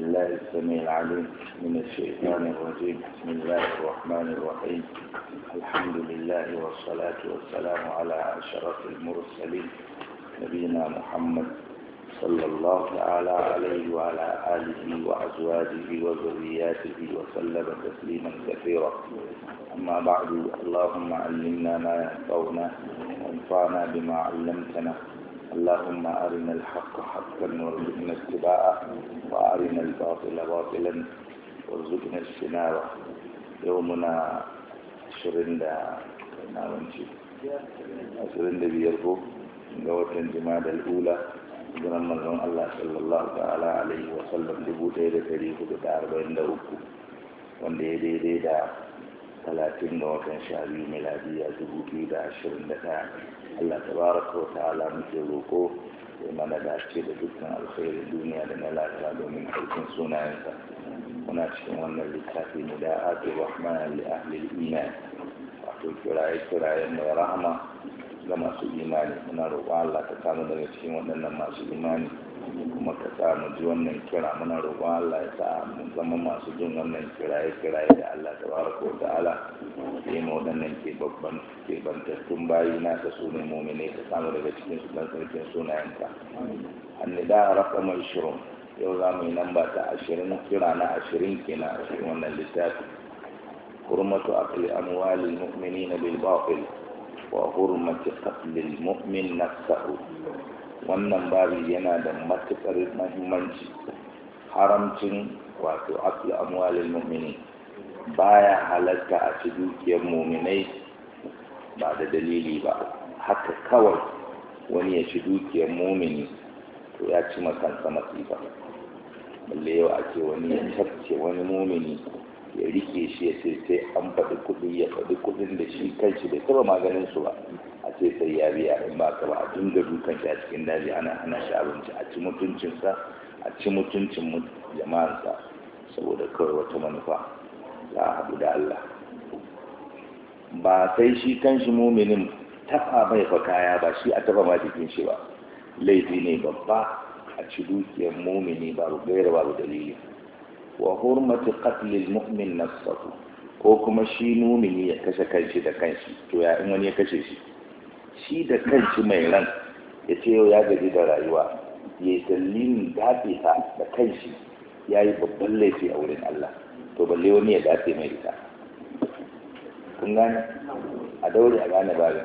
بالله السميع العليم من الشيطان الرجيم بسم الله الرحمن الرحيم الحمد لله والصلاة والسلام على أشرف المرسلين نبينا محمد صلى الله تعالى عليه وعلى آله وأزواجه وذرياته وسلم تسليما كثيرا أما بعد اللهم علمنا ما ينفعنا وانفعنا بما علمتنا اللهم أرنا الحق حقا وارزقنا اتباعه وأرنا الباطل باطلا وارزقنا اجتنابه يومنا عشرين دا نعمنشي عشرين دا بيرفو قوة جماد الأولى جنان من الله صلى الله تعالى عليه وسلم لبوتي لتريه دا أربعين دا أكو وان دي دي دي دا ثلاثين وكان شهري ميلادي يزهو كيدا عشرين الله تبارك وتعالى مجروكو وما نداش كيدا جبنا الخير الدنيا لنا لا تعدو من حيث سنة ونشهد أن لكافي نداءات الرحمن لأهل الإيمان وحكي كرائي كرائي من رحمة لما سيماني من الله تعالى نشهد أن لما سيماني kuma ka sa mu ji wannan kira muna roƙon Allah ya sa mu zama masu jin wannan kiraye kiraye da Allah ta baraka wa ta'ala sai mu wadannan ke babban ke bantattun bayi na ka su ne mu'mine ka samu daga cikin su dan sarkin sunayenka annida raqam 20 yau za mu yi lamba ta 20 kira na 20 kenan a cikin wannan littafi hurmatu aqli amwalil mu'minina bil batil wa hurmatu qatl al mu'min nafsahu wannan babu yana da matuƙar mahimmanci haramcin wato amwalin mummini ba ya halatta a ci dukiyar mummini ba da dalili ba haka kawai wani ya ci dukiyar mummini to ya ci makansa masifa balle yau a wani ya tafke wani mummini. ya rike shi ya sai sai an faɗi kuɗi ya faɗi kuɗin da shi kanshi bai taɓa maganin su ba a ce sai ya biya in ba ka ba a dinga dukan shi a cikin daji ana hana shi abinci a ci mutuncinsa a ci mutuncin jama'arsa saboda kawai wata manufa za a haɗu da Allah ba sai shi kanshi muminin tafa bai fa kaya ba shi a tafa ma jikin shi ba laifi ne babba a ci dukiyar mumini babu gaira babu dalili wa hurmatu qatlil mu'min nafsahu ko kuma shi mumini ya kashe kanshi da kanshi to ya in wani ya kashe shi shi da kanshi mai ran ya ce yau ya gaji da rayuwa ya yi sallin dafe ta da kanshi ya yi babban laifi a wurin Allah to balle wani ya dafe mai ita kun gane a daure a gane babin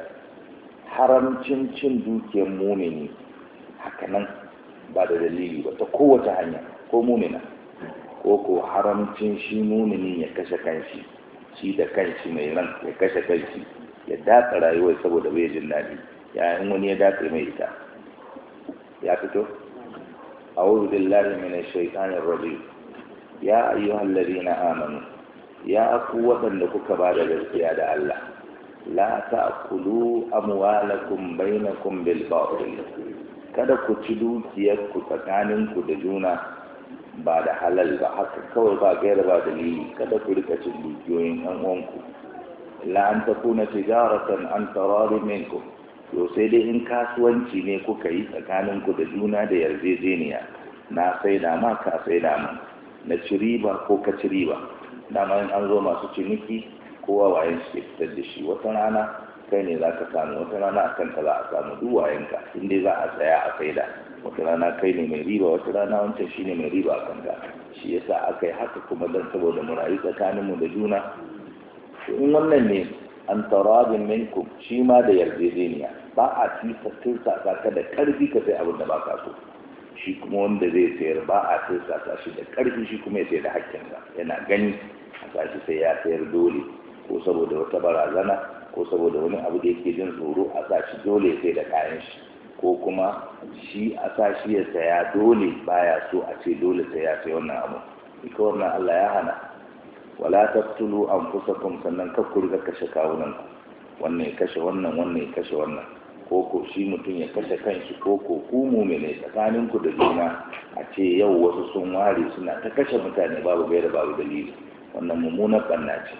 haramcin cin dukiyar mumini hakanan ba da dalili ba ta kowace hanya ko mumina ko haramcin shi muminin ya kashe kanshi shi da kanshi mai ran ya kashe kanshi ya dafa rayuwa saboda bai jin daɗi ya wani ya dafa mai ita ya fito a wuri billahi mai shaitanin rabi ya ayyu hallari na amanu ya aku waɗanda kuka ba da gaskiya da Allah la ta kulu amwalakum bainakum bil ba'dil kada ku ci dukiyarku ku tsakaninku da juna ba da halal ba haka kawai ba gaira ba dalili kada ku rika cin dukiyoyin yan uwanku la an kuna tijaratan an tarari to sai dai in kasuwanci ne kuka yi tsakanin ku da juna da yarjejeniya na sai da ma ka sai da ma na ci riba ko ka ci riba dama in an zo masu ciniki kowa wayan shi fitar da shi wata rana kai ne za ka samu wata rana a kanka za a samu duwayenka. wayanka in dai za a tsaya a faida. wata rana kai ne mai riba wata rana wancan shine mai riba a kanka shi yasa aka yi haka kuma dan saboda mu rayu tsakaninmu da juna in wannan ne an tarabin minkum shi ma da yarjejeniya ba a tisa tirsa ka da karfi ka sai abin da ba ka so shi kuma wanda zai sayar ba a tirsa ka shi da karfi shi kuma ya sayar da hakkinsa yana gani a sashi sai ya sayar dole ko saboda wata barazana ko saboda wani abu da yake jin tsoro a sashi dole ya da kayan shi ko kuma shi a sa shi ya saya dole baya so a ce dole sai ya sai wannan abu Ika wannan Allah ya hana wala taqtulu anfusakum sannan ka ku riga kashe kawunan ku wannan ya kashe wannan wannan ya kashe wannan ko ko shi mutum ya kashe kanshi ko ko ku mumine tsakanin ku da juna a ce yau wasu sun ware suna ta kashe mutane babu gaira babu dalili wannan mummunar bannaci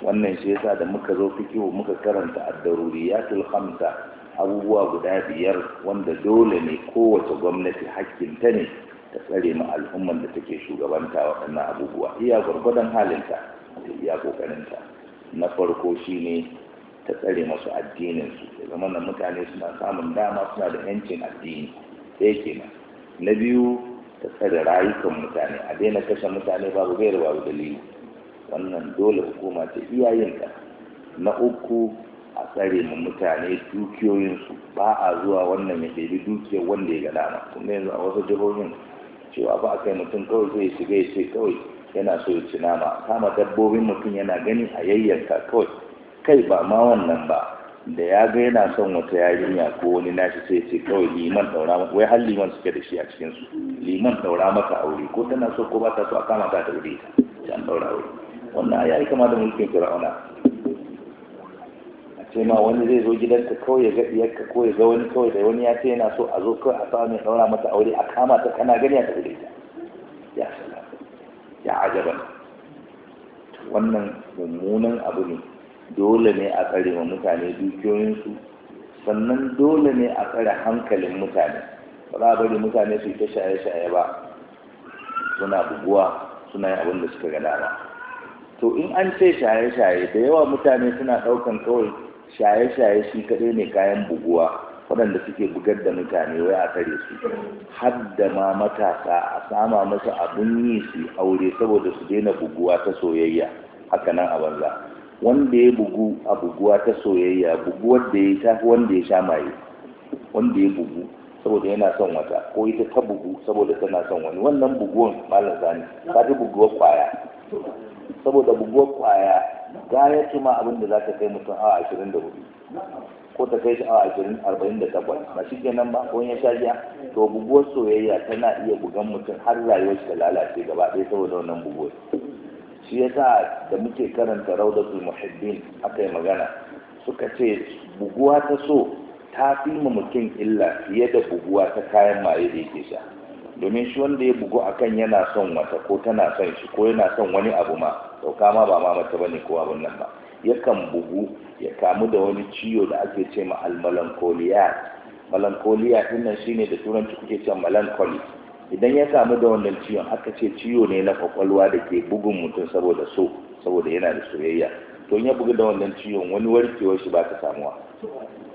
ce wannan shi yasa da muka zo fikihu muka karanta ad-daruriyatul khamsa abubuwa guda biyar wanda dole ne kowace gwamnati hakkinta ne ta tsare ma al'umman da take shugabanta waɗannan abubuwa iya gwargwadon halinta da iya ƙoƙarinta na farko shine ta tsare masu addininsu da zama na mutane suna samun dama suna da yancin addini ɗaya kenan na biyu ta tsare rayukan mutane a daina kashe mutane babu gaira babu dalili wannan dole hukuma ta iya yin na uku a tsare mu mutane dukiyoyinsu ba a zuwa wannan ya ɗebi dukiyar wanda ya gada na kuma yanzu a wasu jihohin cewa ba a kai mutum kawai zai shiga ya ce kawai yana so ya ci nama kama dabbobin mutum yana gani a yayyanka kawai kai ba ma wannan ba da ya ga yana son wata yarinya ko wani nashi sai ce kawai liman daura maka wai har liman suke da shi a cikin su liman daura maka aure ko tana so ko ba ta so a kama ta ta wuri ta daura aure wannan ya yi kama da mulkin fir'auna sai ma wani zai zo gidanta kawai ya gaɗi iyakka ko ya ga wani kawai da wani ya ce yana so a zo kawai a samu ya ɗaura mata aure a kama ta kana gani a tafi da ita ya salam ya ajaba wannan mummunan abu ne dole ne a tsare ma mutane dukiyoyinsu sannan dole ne a tsare hankalin mutane ba za a bari mutane su yi ta shaye-shaye ba suna buguwa suna yin abin da suka ga dama to in an ce shaye-shaye da yawa mutane suna ɗaukan kawai shaye-shaye shi kaɗai ne kayan buguwa waɗanda suke bugar da mutane wai a kare su har ma matasa a sama masu abun yi su aure saboda su daina buguwa ta soyayya haka a banza wanda ya bugu a buguwa ta soyayya buguwar da ya tafi wanda ya sha maye wanda ya bugu saboda yana son wata ko ita ta bugu saboda tana son wani wannan buguwan malam zani ba ta buguwar kwaya saboda buguwar kwaya gaya ce ma abin da za ta kai mutum awa ashirin da hudu ko ta kai shi awa ashirin arba'in da takwas ba shi kenan ba ko ya sha jiya. to buguwar soyayya tana iya bugan mutum har rayuwar shi ta lalace gaba ɗaya saboda wannan buguwar shi ya sa da muke karanta raudatul muhibbin aka yi magana suka ce buguwa ta so ta fi mutum illa fiye da buguwa ta kayan maye da yake sha domin shi wanda ya bugu a kan yana son wata ko tana son shi ko yana son wani abu ma dauka kama ba ma mata bane ko abun nan ba yakan bugu ya kamu da wani ciwo da ake ce ma almalankoliya malankoliya din nan shine da turanci kuke ce malankoli idan ya kamu da wannan ciwon aka ce ciwo ne na kwakwalwa da ke bugun mutum saboda so saboda yana da soyayya to in ya bugu da wannan ciwon wani warkewar shi ba ta samuwa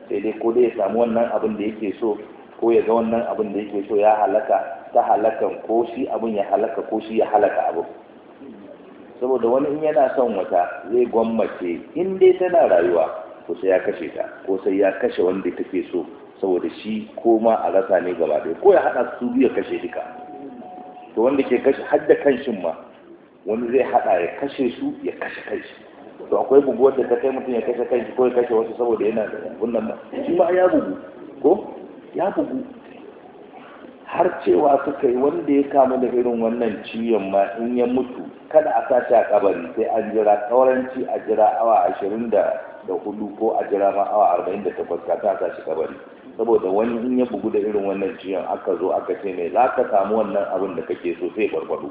sai dai ko dai ya samu wannan abin da yake so ko ya ga wannan abin da yake so ya halaka ta halakan ko shi abin ya halaka ko shi ya halaka abin saboda wani in yana son wata zai gwammace in dai tana rayuwa ko sai ya kashe ta ko sai ya kashe wanda take so saboda shi ko ma a rasa ne gaba ɗaya ko ya haɗa su biyu kashe duka to wanda ke kashe har da kanshin ma wani zai haɗa ya kashe su ya kashe kanshi to akwai bugu da ta kai mutum ya kashe kanshi ko ya kashe wasu saboda yana da wannan ba shi ma ya bugu ko ya bugu har cewa suka yi wanda ya kama da irin wannan ciwon ma in ya mutu kada a sashi a kabari sai an jira kawaranci a jira awa ashirin da hudu ko a jira ma awa arba'in da takwas kafin a sashi kabari saboda wani in ya bugu da irin wannan ciwon aka zo aka ce mai za ka samu wannan abin da kake so sai gwargwado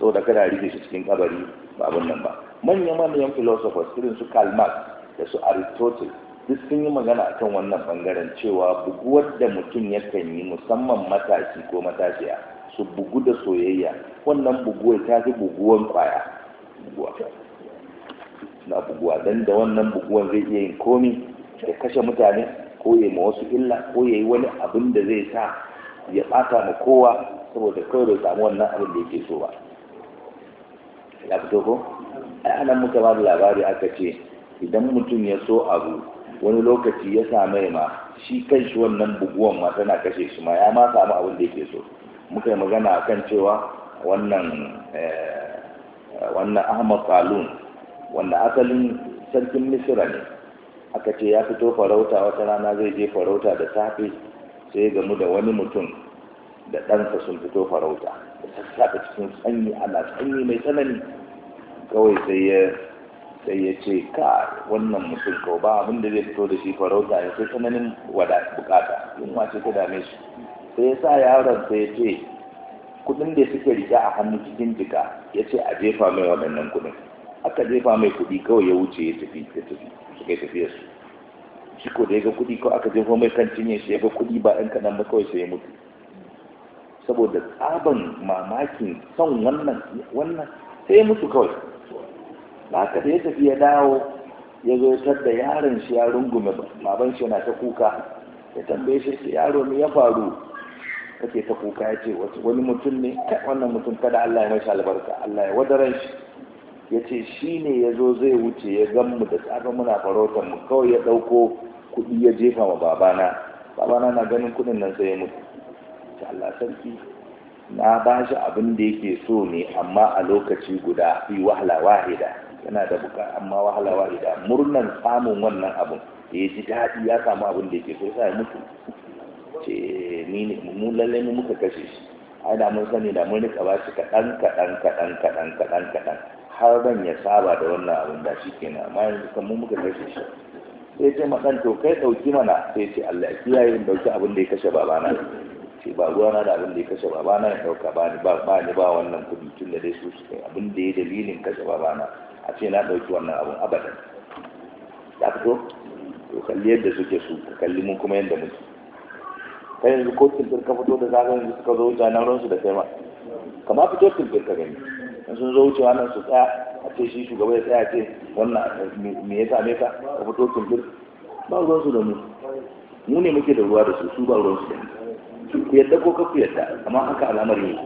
saboda kada a rike shi cikin kabari ba abin nan ba manya manyan philosophers irin su karl da su aristotle duk sun yi magana a kan wannan bangaren cewa buguwar da mutum yakan yi musamman matashi ko matashiya su bugu da soyayya wannan buguwar ta fi buguwan kwaya buguwa na buguwa don da wannan buguwan zai iya yin komi ya kashe mutane ko ya ma wasu illa ko ya yi wani abin da zai sa ya ɓata ma kowa saboda kawai bai samu wannan abin da yake so ba ya fito ko ai anan muka ba labari aka ce idan mutum ya so abu wani lokaci ya same ma shi kai shi wannan buguwan ma tana kashe shi ma ya ma samu abin da yake so muka yi magana akan cewa wannan eh, wannan Ahmad Salun wanda asalin sarkin Misira ne aka ce ya fito farauta wata rana zai je farauta da safe sai ya gamu da wani mutum da ɗansa sun fito farauta da sassafe cikin sanyi ana sanyi mai tsanani kawai sai ya sai ya ce ka wannan mutum ko ba abin da zai fito da shi farauta ne sai tsananin wada bukata yunwa ce ta dame shi sai ya sa yaron sai ya ce kudin da suke rike a hannu cikin jika ya ce a jefa mai waɗannan kudin aka jefa mai kudi kawai ya wuce ya tafi ya tafi su kai tafiya su shi ko da ya ga kudi ko aka jefa mai kan cinye shi ya ga kudi ba ɗan kaɗan ba kawai sai ya mutu saboda tsaban mamakin son wannan wannan sai ya mutu kawai ba ka da ya tafi ya dawo ya zo da yaron shi ya rungume baban shi na ta kuka ya tambaye shi yaro ne ya faru kake ta kuka ya ce wani mutum ne wannan mutum kada Allah ya mashi albarka Allah ya wadaran shi ya ce shi ne ya zo zai wuce ya gan mu da tsarin muna farautar mu kawai ya ɗauko kuɗi ya jefa ma babana babana na ganin kuɗin nan sai ya mutu ta Allah sarki na ba shi abin da yake so ne amma a lokaci guda fi wahala wahida yana da buka amma wahala ida murnan samun wannan abun da ya ji daɗi ya samu abin da ke so sai mutu ce mu lalle mu muka kashe shi ai da mun sani da mun rika ba shi kaɗan kaɗan kaɗan kaɗan kaɗan kaɗan har ban ya saba da wannan abin da shi kenan amma yanzu kan mu muka kashe shi sai ce maɗan to kai ɗauki mana sai ce Allah kiyaye in ɗauki abin da ya kashe babana ce ba ruwana da abin da ya kashe babana ya ɗauka ba ni ba wannan kuɗi tun da dai su su kai abin da ya dalilin kashe babana a ce na ɗauki wannan abun abadan ya fito to kalli yadda suke su ka kalli mun kuma yadda muke kai yanzu ko tilbir ka fito da zaga yanzu suka zo wuce nan su da kai ma kama fito tilbir ka gani in sun zo wucewa nan su tsaya a ce shi shugaba ya tsaya ce wannan me ya same ka ka fito tilbir ba su da mu mu ne muke da ruwa da su su ba ruwansu da mu ku yadda ko ka ku yadda amma haka al'amari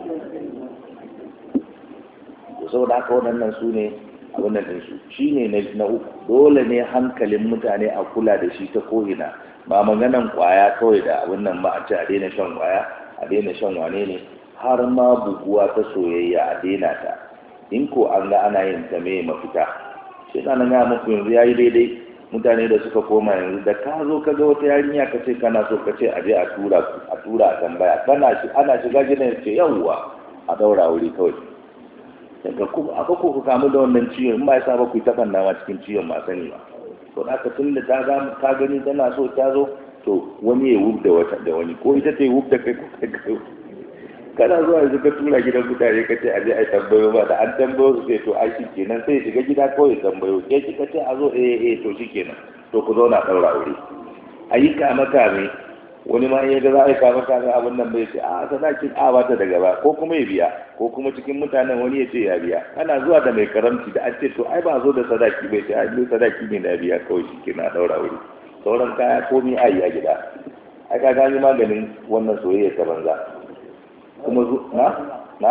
ne saboda haka waɗannan su ne wannan ɗinsu shi ne na uku dole ne hankalin mutane a kula da shi ta kohina ba maganan kwaya kawai da abin nan a ce a daina shan kwaya a daina shan wane ne har ma buguwa ta soyayya a daina ta in ko an ga ana yin ta mai mafita shi na ga muku yanzu ya yi daidai mutane da suka koma yanzu da ka zo ka ga wata yarinya ka ce kana so ka ce a je a tura a tambaya kana shi ana shiga gidan ce yawwa a daura wuri kawai daga akwai aka ku kamu da wannan ciwon in ba ya ba ku ta banna ma cikin ciwon ma sani ba to da tun da ta ta gani tana so ta zo to wani ya da wata da wani ko ita ta yi da kai ko kai kai kana zuwa yanzu ka tura gidan kudade ka ce a je a tambayo ba da an tambayo su sai to a shi kenan sai shiga gida kawai tambayo ke ki ka ce a zo eh eh to shi kenan to ku zauna ɗaura aure ayyuka makame wani ma ya ga za a yi kama abin nan bai ce a ah, sadakin a bata daga ba ko kuma ya biya ko kuma cikin mutanen wani ya ce ya biya ana zuwa da mai karamci da an ce to ai ba zo da sadaki bai ce a sadaki ne na biya kawai shi kina daura wuri sauran kaya komi a yi a gida ai ka gani maganin wannan soyayya ta banza kuma na na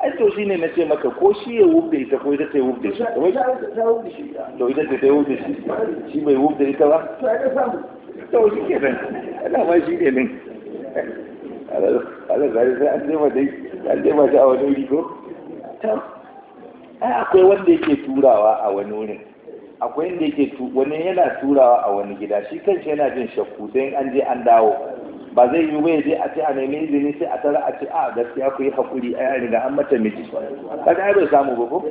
ai to shine na ce maka ko shi ya wubde ita ko ita ta wubde shi to ita ta wubde shi shi bai wubde ita ba to shi ke nan ana ma shi ne nan ala zai sai an nema dai an nema shi a wani wuri ko ai akwai wanda yake turawa a wani wuri akwai wanda yake wani yana turawa a wani gida shi kanshi yana jin shakku sai an je an dawo ba zai yi waya zai a ce a nemi izini sai a tara a ce a gaskiya ku yi haƙuri a yari da an mata miji ka ga bai samu ba ko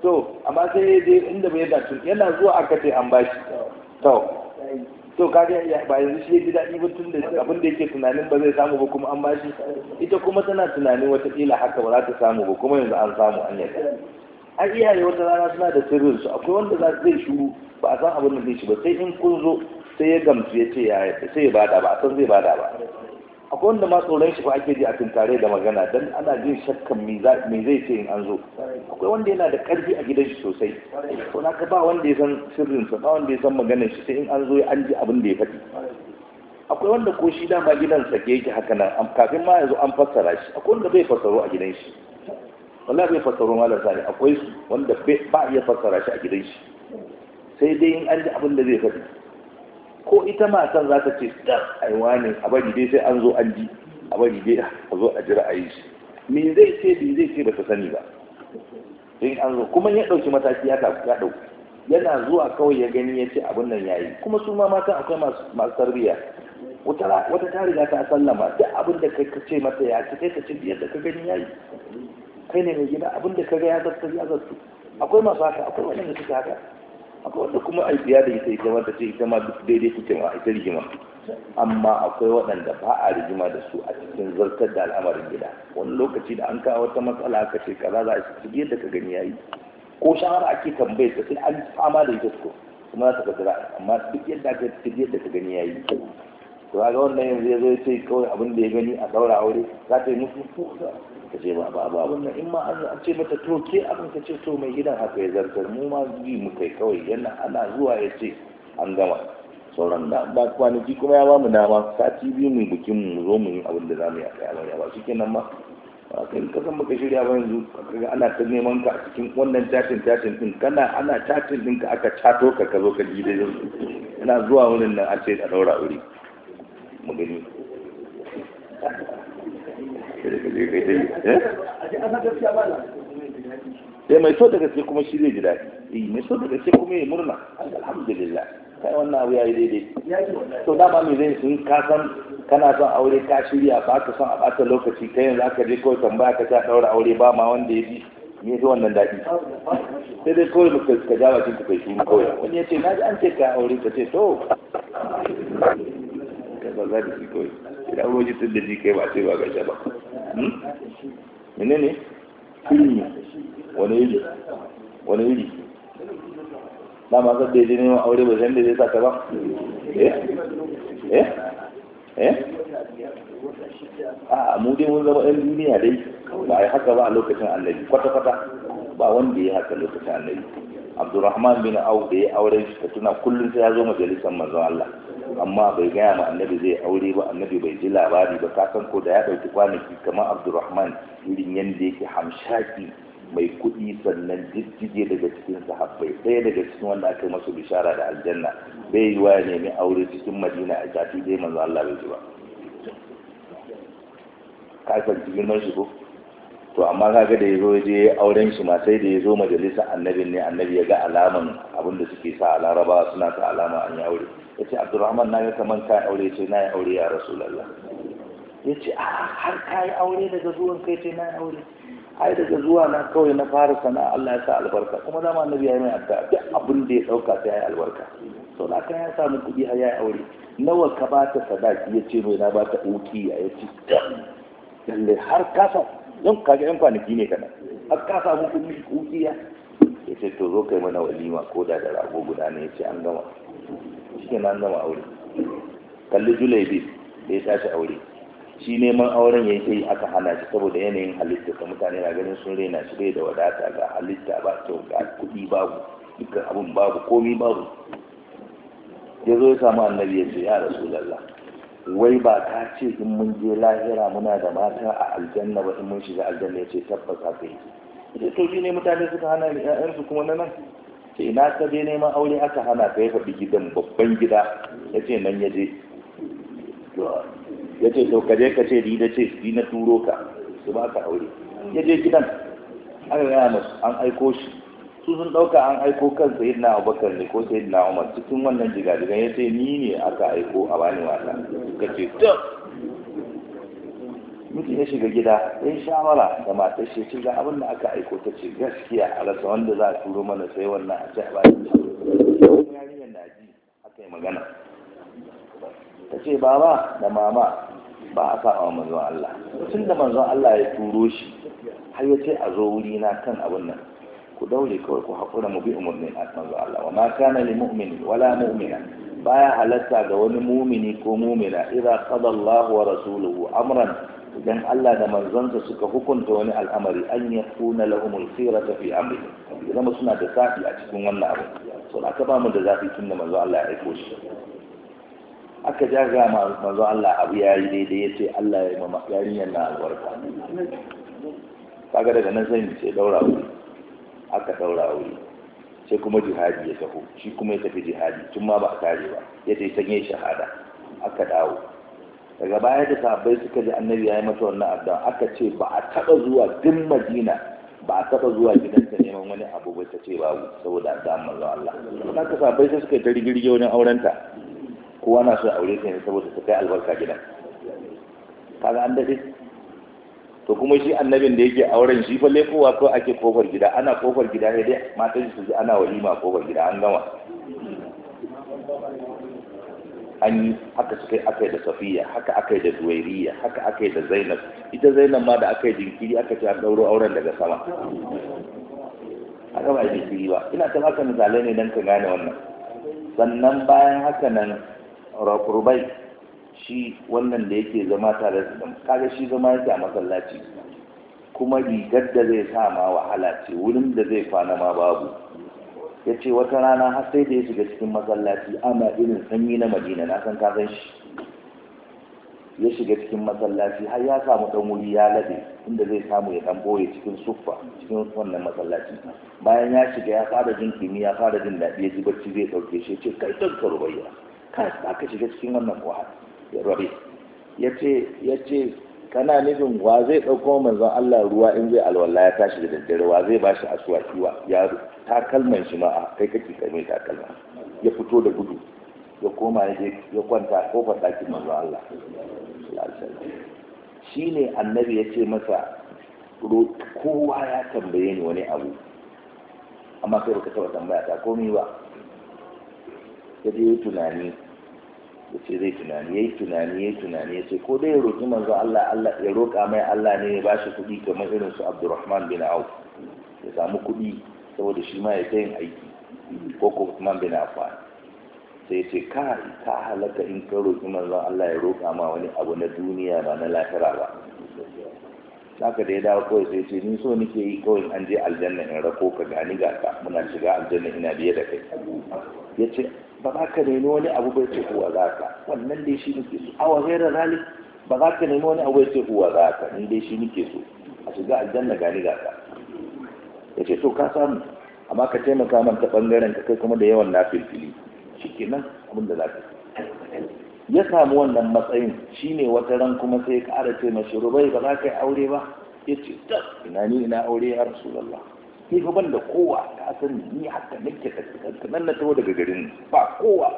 to amma sai ya je inda bai tun yana zuwa aka ce an bashi to to ka ga ba yanzu shi ya ji daɗi ba tun da abin da yake tunanin ba zai samu ba kuma an bashi ita kuma tana tunanin watakila haka ba za ta samu ba kuma yanzu an samu an yi an iyaye wata rana suna da sirrinsu akwai wanda za zai shuru ba a san abin da zai shi ba sai in kun zo sai ya gamsu ya ce ya yi sai ya bada ba a san zai bada ba akwai wanda ma tsoron shi fa ake ji a tunkare da magana don ana jin shakkan me zai ce in an zo akwai wanda yana da karfi a gidan shi sosai ko na ka ba wanda ya san sirrinsa ba wanda ya san maganar shi sai in an zo an ji abin da ya faɗi akwai wanda ko shi dama gidan ke yake haka nan kafin ma yanzu an fassara shi akwai wanda bai fassaro a gidan shi wallahi bai fassaro malam sani akwai wanda ba ya fassara shi a gidan shi sai dai in an ji abin da zai faɗi ko ita matan za ta ce da aiwa ne a bari dai sai an zo an ji a bari dai a zo a jira a yi shi me zai ce bi zai ce ba ta sani ba in an zo kuma ya ɗauki mataki haka ya dauki yana zuwa kawai ya gani ya ce abin nan ya yi kuma su ma matan akwai masu tarbiya wata ta riga ta sallama duk abin da kai ka ce mata ya ce kai ka ce biyar da ka gani ya yi kai ne mai gida abin da ka ga ya zartar ya zartu akwai masu haka akwai waɗanda suke haka akwai wanda kuma a biya da ita ita wanda ce ita ma duk daidai kuke ma ita rigima amma akwai waɗanda ba a rigima da su a cikin zartar da al'amarin gida wani lokaci da an kawo wata matsala aka ce kaza za a yadda ka gani yayi ko shawara ake tambayar ta sai an fama da ita su kuma za ta ga amma duk yadda aka ci duk yadda ka gani yayi to ga wannan yanzu ya zo ya ce kawai abin da ya gani a daura aure za ta yi musu kuka ta ce ba ba abin nan in ma an ce mata to ke abin ka ce to mai gidan haka ya zartar mu ma bi mu kai kawai yana ana zuwa ya ce an gama sauran da ba kwanaki kuma ya ba mu dama sati biyu mu bikin mu zo mu yi abin da za mu yi a kai ya ba shikenan ma ba kai ka san baka shirya ba yanzu kaga ana ta neman ka a cikin wannan chatin chatin din kana ana chatin din ka aka chato ka ka zo ka ji da yanzu ina zuwa wurin nan a ce a daura wuri mu gani sai eh? Eh, mai so da gaske kuma shi zai ji daɗi eh, mai so da gaske kuma yi murna alhamdulillah kai wannan abu ya yi daidai So dama mai zai sun ka san kana son aure ka shirya ba ka son a ɓata lokaci kai yanzu aka je kawai tambaya ka ta ɗaura aure ba ma wanda ya ji me ya wannan daɗi sai dai kawai ka jawa bakin ka kai shi kawai wani ya ce na ji an ce ka aure ka ce to ba za da shi kawai idan ruwa jitar da shi kai ba sai ba gaishe ba hmm? mene ne ilimi wani iri wani iri ba ma san daidai ya je neman aure ba san daidai sa ta ba eh eh eh a mu dai mun zama yan duniya dai ba a haka ba a lokacin annabi kwata-kwata ba wanda ya haka lokacin annabi abdurrahman bin au da ya aure shi ka tuna kullum sai ya zo majalisar manzon Allah amma bai gaya ma annabi zai aure ba annabi bai ji labari ba kasan ko da ya ɗauki kwanaki kamar abdurrahman irin yadda yake hamshaki mai kuɗi sannan jijjige daga cikin sahabbai sai daga cikin wanda aka yi masu bishara da aljanna bai yi wa ya nemi aure cikin madina a jafi dai manzo Allah bai ji ba kafin girman shi ko to amma kaga da ya ya je auren shi ma sai da ya zo majalisa annabin ne annabi ya ga alaman abin da suke sa alaraba suna sa alama an yi aure Ya ce Abdurrahman na ga kamar ka aure ce na yi aure ya Ya ce a har ka yi aure daga zuwan kai ce na yi aure ai daga zuwa na kawai na fara sana'a Allah ya sa albarka kuma dama annabi ya yi mai addu'a duk abin da ya dauka sai ya yi albarka to na kan ya samu kudi har ya yi aure nawa ka ba ta sadaki Ya ce mai na ba ta uki ya ce lalle har kasa don kaga yan kwanaki ne kana har kasa mun kuɗi kukiya ya ce to zo kai mana walima ko da da rago guda ne ya ce an gama shi an gama aure kalli julaibi da ya tashi aure shi neman auren ya yi aka hana shi saboda yanayin halitta ka mutane na ganin sun raina shi da wadata ga halitta ba to ga kuɗi babu dukkan abun babu komi babu ya zo ya samu annabi ya ce ya rasu lallah wai ba ta ce in mun je lahira muna da mata a aljanna ba in mun shiga aljanna ya ce tabbas haka yake ita to shi ne mutane suka hana ni su kuma na nan sai ina ka je neman aure aka hana ka ya faɗi gidan babban gida ya ce nan ya je ya ce to ka je ka ce ni da ce ni na turo ka su ba ka aure ya je gidan an gaya masu an aiko shi su sun ɗauka an aiko kan sayid na abubakar ne ko sayid na umar cikin wannan jigajigan ya ce ni ne aka aiko a bani wata suka ce tun mutum ya shiga gida ya yi shawara da matar shi ce ga abin da aka aiko ta ce gaskiya a rasa wanda za a turo mana sai wannan a ce ya bani yarinyar da ji aka yi magana ta ce baba da mama ba a sa'a manzon Allah tun da manzon Allah ya turo shi har ya ce a zo wuri na kan abin nan ku daure kawai ku haƙura mu bi umarnin manzo Allah wa ma kana lil mu'min wala mu'mina baya halatta ga wani mumini ko mumina idza qada Allah wa rasuluhu amran idan Allah da manzonsa suka hukunta wani al'amari an yakuna lahumul khirata fi amri idan suna da safi a cikin wannan abu so ka ba mu da zafi tun da manzo Allah ya aiko shi aka ja ga manzo Allah abu yayi daidai yace Allah ya yi ma yarinyar na albarka kaga daga nan sai ce daura wuri aka daura aure sai kuma jihadi ya taho shi kuma ya tafi jihadi tun ma ba a tare ba ya ta sanye shahada aka dawo daga baya da sahabbai suka ji annabi ya yi mata wannan addu'a aka ce ba a taɓa zuwa din madina ba a taɓa zuwa gidan ta neman wani abu ba ta ce babu saboda addu'a manzo Allah kuma ka sahabbai sai suka yi ta rigirge wajen aurenta kowa na so aure ta ne saboda ta kai albarka gidan kaga an daɗe to kuma shi annabin da yake auren shi fa lefowa ko ake kofar gida ana kofar gida ne dai mata su ji ana walima kofar gida an gama an yi haka suka aka yi da safiya haka aka yi da zuwairiya haka aka yi da zainab ita zainab ma da aka yi jinkiri aka ce an ɗauro auren daga sama haka ba jinkiri ba ina ta haka misalai ne don ka gane wannan sannan bayan haka nan rubai shi wannan da yake zama tare da kaga shi zama yake a masallaci kuma rigar da zai sa ma wahala ce wurin da zai kwana ma babu ya ce wata rana har sai da ya shiga cikin masallaci ana irin sanyi na madina na san kasan shi ya shiga cikin masallaci har ya samu dan wuri ya lade inda zai samu ya dan boye cikin suffa cikin wannan masallaci bayan ya shiga ya fara jin kimi ya fara jin daɗi ya ji bacci zai ɗauke shi ya ce kai don ka rubayya kai shiga cikin wannan wahala rabi yace yace kana nufin wa zai ɗauko manzon Allah ruwa in zai alwala ya tashi da daddare wa zai bashi asuwaki wa ya takalman shi ma kai kake kame takalma ya fito da gudu ya koma ya ya kwanta kofar ɗakin manzon Allah shi ne annabi ya ce masa kowa ya tambaye ni wani abu amma kai baka taɓa tambaya ta komai ba ya je tunani ya sai zai tunani yayi tunani yayi tunani ya ce ko dai ya roƙi manzo Allah Allah ya roka mai Allah ne ya bashi kuɗi kamar irin su Abdurrahman bin Auf ya samu kuɗi saboda shi ma ya ta yin aiki ko ko Uthman bin Affan sai ce ka ka halaka in ka roƙi manzo Allah ya roka ma wani abu na duniya ba na lahira ba haka da ya dawo kawai sai ce ni so nake yi kawai an je aljanna in rako ka gani ga ka muna shiga aljanna ina biye da kai ya ce ba za ka nemi wani abu bai ce kuwa za ka wannan dai shi nake so awa gairar rali ba za ka nemi wani abu bai ce kuwa za ka ni dai shi nake so a shiga aljanna gani ga ka ya ce to ka samu amma ka taimaka man ta bangaren ka kai kuma da yawan ke nan abin da za ka ya samu wannan matsayin shine wata ran kuma sai ya ƙara ce mashi rubai ba za ka yi aure ba ya ce ina ni ina aure ya rasu lalla. ni fa ban da kowa ka sani ni haka nake ka nan na taho daga garin ba kowa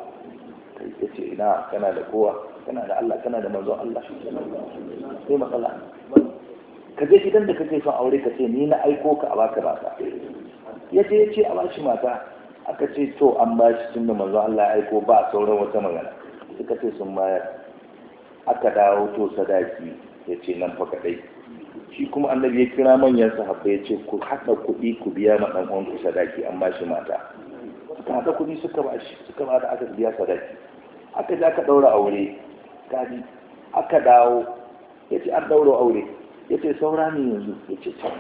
kai ya ce ina kana da kowa kana da Allah kana da manzon Allah sai matsala ka je gidan da kake son aure ka ce ni na aiko ka a baka mata ya ce ya ce a bashi mata aka ce to an bashi da manzon Allah ya aiko ba sauran wata magana suka ce sun bayar aka dawo to sadaki ya ce nan fa kadai shi kuma annabi ya kira manyan sahabbai ya ce ku haɗa kuɗi ku biya ma ɗan ku sadaki an ba shi mata suka haɗa kuɗi suka ba shi suka ba da aka biya sadaki aka je aka ɗaura aure kaji aka dawo ya ce an ɗaura aure ya ce saura ne yanzu ya ce can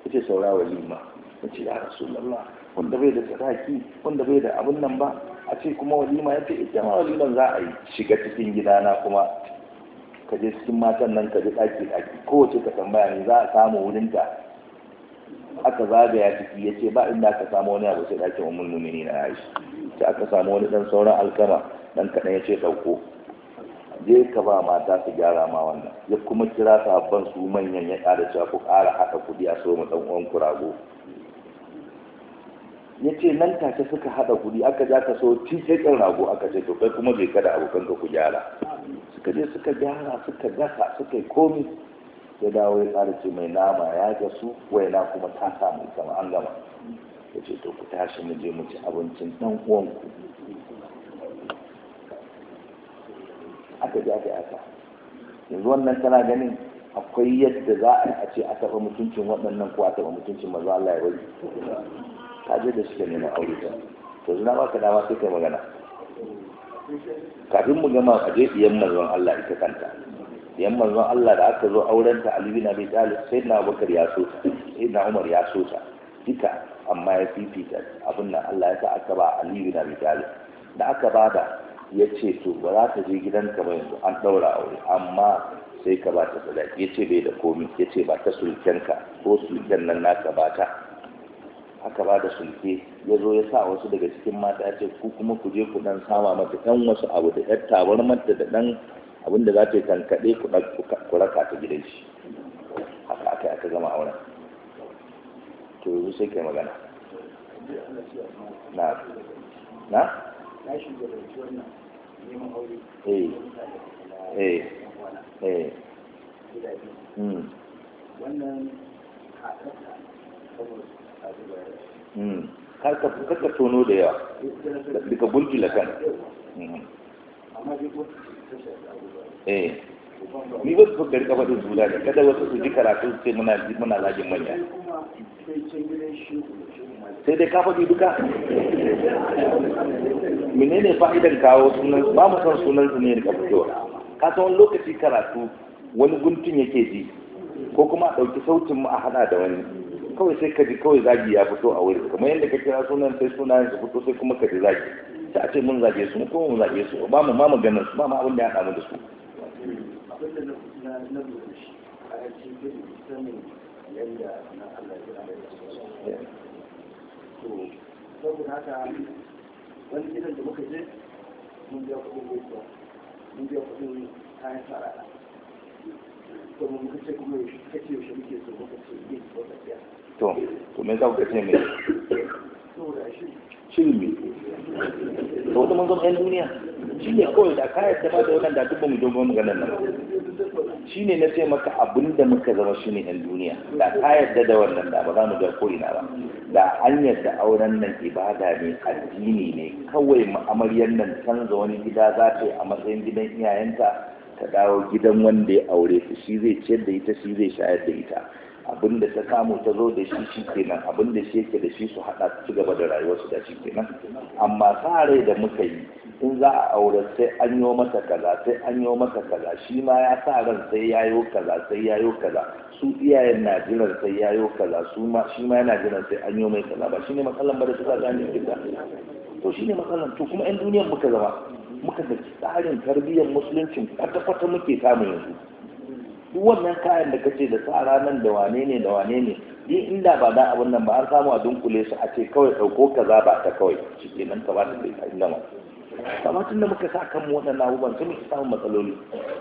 ya ce saura walima ya ce ya rasu lalla wanda bai da sadaki wanda bai da abin nan ba a ce kuma walima ya ce ita ma waliman za a yi shiga cikin gidana kuma ka je cikin matan nan ka ji ɗaki ɗaki kowace ka tambaya ne za a samu wurinta aka zagaya ciki ya ce ba inda aka samu wani abu sai ɗakin umul na aisha ta aka samu wani ɗan sauran alkama ɗan kaɗan ya ce ɗauko je ka ba mata su gyara ma wannan ya kuma kira sabon su manyan ya ƙara cewa ku ƙara haɗa kuɗi a so mu ɗan uwan kurago ya ce nan take suka haɗa kuɗi aka ja ka so tiƙeƙen rago aka ce to kai kuma bai kada abokanka ku gyara suka je suka gyara suka gasa suka yi komi ya dawo ya tsara ce mai nama ya gasu waina kuma ta samu kama an gama ya ce to ku tashi mu je mu ci abincin dan uwanku aka ji aka aka yanzu wannan tana ganin akwai yadda za a ce a taɓa mutuncin waɗannan ko a taɓa mutuncin maza Allah ya wani ka je da shi ne na aure ta to zina ba ka dama sai kai magana kafin mu gama a je diyan manzon Allah ita kanta ɗiyan manzon Allah da aka zo auren ta Ali bin Abi Talib sai na Abubakar ya so sai na Umar ya so ta duka amma ya fifita abin nan Allah ya sa aka ba Ali bin Abi Talib da aka ba da, ya ce to ba za ta je gidanka ba yanzu an ɗaura aure amma sai ka ba ta sadaki ya ce bai da komi ya ce ba ta sulkenka ko sulken nan naka ba ta aka ba da sulke ya zo ya sa wasu daga cikin mata ya ce ku kuma ku je ku dan sama mata dan wasu abu da yar tabar mata da dan abin da za ta yi tankaɗe ku raka ta gidan shi haka aka aka gama auren to yanzu sai kai magana na na na shugabanci wannan neman aure eh eh eh hmm. wannan saboda Hmm. kar ka kar ka tono da yawa duka bulbula kan hmm. eh ni wasu ba karka faɗin zula ne kada wasu su ji karatu sai muna muna lajin manya sai dai ka faɗi duka menene fa'idan kawo sunan ba mu san sunan su ne da fitowa ka san lokaci karatu wani guntun yake ji ko kuma a ɗauki sautin mu a haɗa da wani kawai sai ka ji kawai zagi ya fito a wuri kamar yadda ka kira sunan sai sunayen su fito sai kuma ka ji zagi sai a ce mun zage su kuma mun zage su ba mu ma ganin su ba mu abin da ya haɗa da su saboda haka wani muka je mun biya kace kuma yaushe muke so muka ce yin wata to to me za ku kace me shirme da wata manzon ɗan duniya shi ne kawai da kayan da ba da wannan da duk mu dogon maganar nan shi ne na ce maka abin da muka zama shi ne ɗan duniya da kayan da da wannan da ba za mu ga ko'ina ba da an yadda auren nan ibada ne addini ne kawai ma'amaryar nan canza wani gida za ta yi a matsayin gidan iyayenta ta dawo gidan wanda ya aure su shi zai ciyar da ita shi zai shayar da ita abin da ta samu ta zo da shi shi kenan abin da shi yake da shi su haɗa su gaba da rayuwarsu da shi kenan amma sare da muka yi in za a aure sai an yi mata kaza sai an yi mata kaza shi ma ya sa ran sai yayo kaza sai yayo kaza su iyayen na jiran sai yayo kaza su ma shi ma yana jiran sai an yi mai kaza ba shine matsalan ba da su sa ne kita to shine matsalan to kuma yan duniyar muka zama muka da tsarin tarbiyyar musuluncin kwata-kwata muke samu yanzu duk wannan kayan da kace da sa ranar da wane ne da wane ne ni inda ba da abun nan ba an samu a dunkule su a ce kawai dauko kaza ba ta kawai shi nan ka ba ta bai ta nan amma tun da muka sa kanmu wannan abubuwan sun muke samu matsaloli